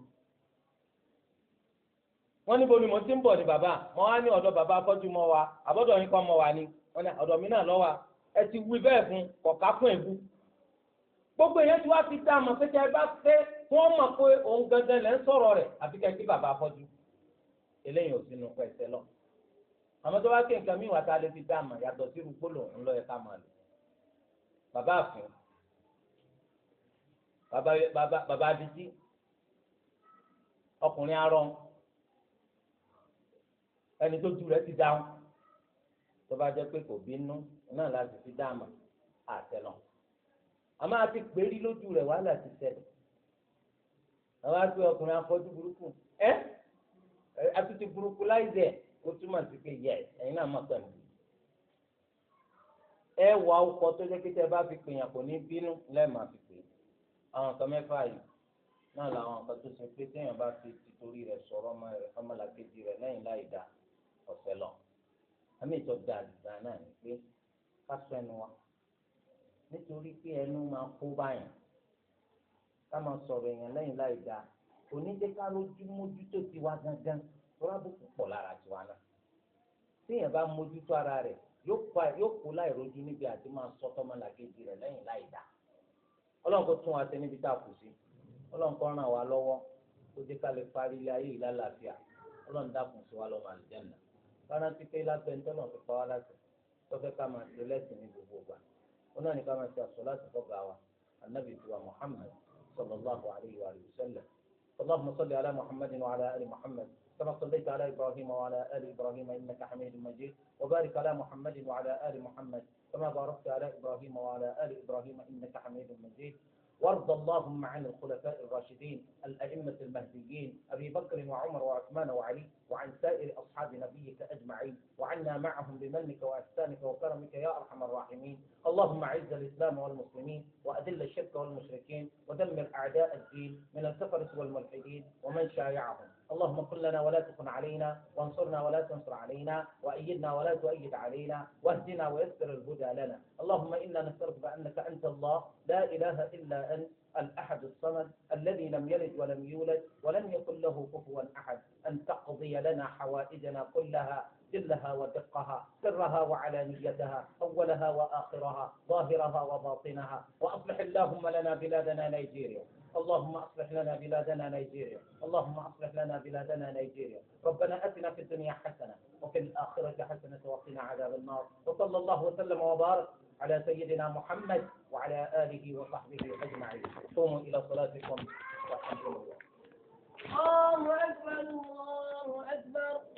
wọ́n níbo ni mo ti ń bọ̀ ni bàbá mo wá ní ọ̀dọ̀ bàbá afọ́jú mọ́ wa àbọ̀dọ̀ yín kọ́ mọ́ wa ni wọn ni ọ̀dọ̀ mi náà lọ́wọ́ ẹ ti wí bẹ́ẹ̀ fún kọ̀ọ̀ká fún ẹ̀bú gbogbo èèyàn ti wá fi dá àmọ́ pé kí ẹ bá fẹ́ wọ́n mọ̀ pé òun gangan lẹ́ ń sọ̀rọ̀ rẹ̀ àfi kẹ́ kí bàbá afọ́jú eléyìí ò sínú pẹ̀sẹ̀ lọ àmọ́ tó bá kí nǹkan mí wà tá a lè fi dá àmọ́ yàtọ̀ sí irú gbólò ń lọ ẹ̀ka màlù bàbá àfin bàbá adití ọkùnrin arọ ẹni tó ju rẹ̀ ti dáhùn tó bá jẹ́ pé kò bínú náà láti fi dáàmà àtẹ̀lọ́ àmọ́ àti pèrí lójú rẹ̀ wàhálà ti ṣẹlẹ̀ àwọn àti ọkùnrin afọ́jú burúkú ẹ́ àtúntì burúkú láìsẹ̀ ó túmọ̀ sí pé yẹ ẹ̀yin náà máa pẹ̀lú ẹ wà ọkọ̀ tó jẹ́ kíkẹ́ bá fi pèèyàn kò ní bínú lẹ́ẹ̀ma fi pè àwọn nǹkan mẹ́fà yìí náà làwọn nǹkan tó ṣe pé téèyàn bá fi tìtorí rẹ̀ sọ̀rọ̀ ọmọ rẹ̀ ọmọlàkejì rẹ̀ lẹ́yìn láì dáa àmì ìtọ́jà àdìgbà náà ni pé ká sọ ẹnu wa nítorí pé ẹnu máa kó báyìí ká máa sọ̀rọ̀ èèyàn lẹ́yìn láì dáa kò ní jẹ́ ká lójú mójútó tiwa gangan lọ́wọ́ àbùkù pọ̀ lára tiwa náà téèyàn bá mójútó ara rẹ̀ yóò pa yóò kó láì rojú níbi àti máa sọ tọmọlàkejì rẹ̀ lẹ́yìn láì dáa ọlọ́run tún wa ṣe níbi tá a kù sí ọlọ́run ràn wá lọ́wọ́ ó jẹ́ ká lè parí ilé ayé ìlàlàáfíà ọlọ́run sí wa lọ́mọ àlùjànnà. rántí pé lábẹ́ ńtọ́ náà fi pa wá láti tọ́fẹ́ ká máa ṣe lẹ́sìn ní gbogbo ìgbà wọn náà ní ká máa ṣe àṣọ láti fọ́gà wa anabi tiwa muhammad sallallahu alayhi wa sallam اللهم صل على محمد وعلى ال محمد كما صليت على ابراهيم وعلى ال ابراهيم انك حميد مجيد وبارك على محمد وعلى ال محمد كما باركت على ابراهيم وعلى ال ابراهيم انك حميد مجيد وارض اللهم عن الخلفاء الراشدين الأئمة المهديين أبي بكر وعمر وعثمان وعلي وعن سائر أصحاب نبيك أجمعين وعنا معهم بمنك وأحسانك وكرمك يا أرحم الراحمين اللهم أعز الإسلام والمسلمين وأذل الشرك والمشركين ودمر أعداء الدين من الكفرة والملحدين ومن شايعهم اللهم قل لنا ولا تكن علينا وانصرنا ولا تنصر علينا وأيدنا ولا تؤيد علينا واهدنا ويسر الهدى لنا اللهم إنا نسألك بأنك أنت الله لا إله إلا أنت الأحد الصمد الذي لم يلد ولم يولد ولم يكن له كفوا أحد أن تقضي لنا حوائجنا كلها جلها ودقها سرها وعلانيتها أولها وآخرها ظاهرها وباطنها وأصلح اللهم لنا بلادنا نيجيريا اللهم اصلح لنا بلادنا نيجيريا اللهم اصلح لنا بلادنا نيجيريا ربنا اتنا في الدنيا حسنه وفي الاخره حسنه وقنا عذاب النار وصلى الله وسلم وبارك على سيدنا محمد وعلى اله وصحبه اجمعين قوموا الى صلاتكم والحمد الله الله اكبر الله اكبر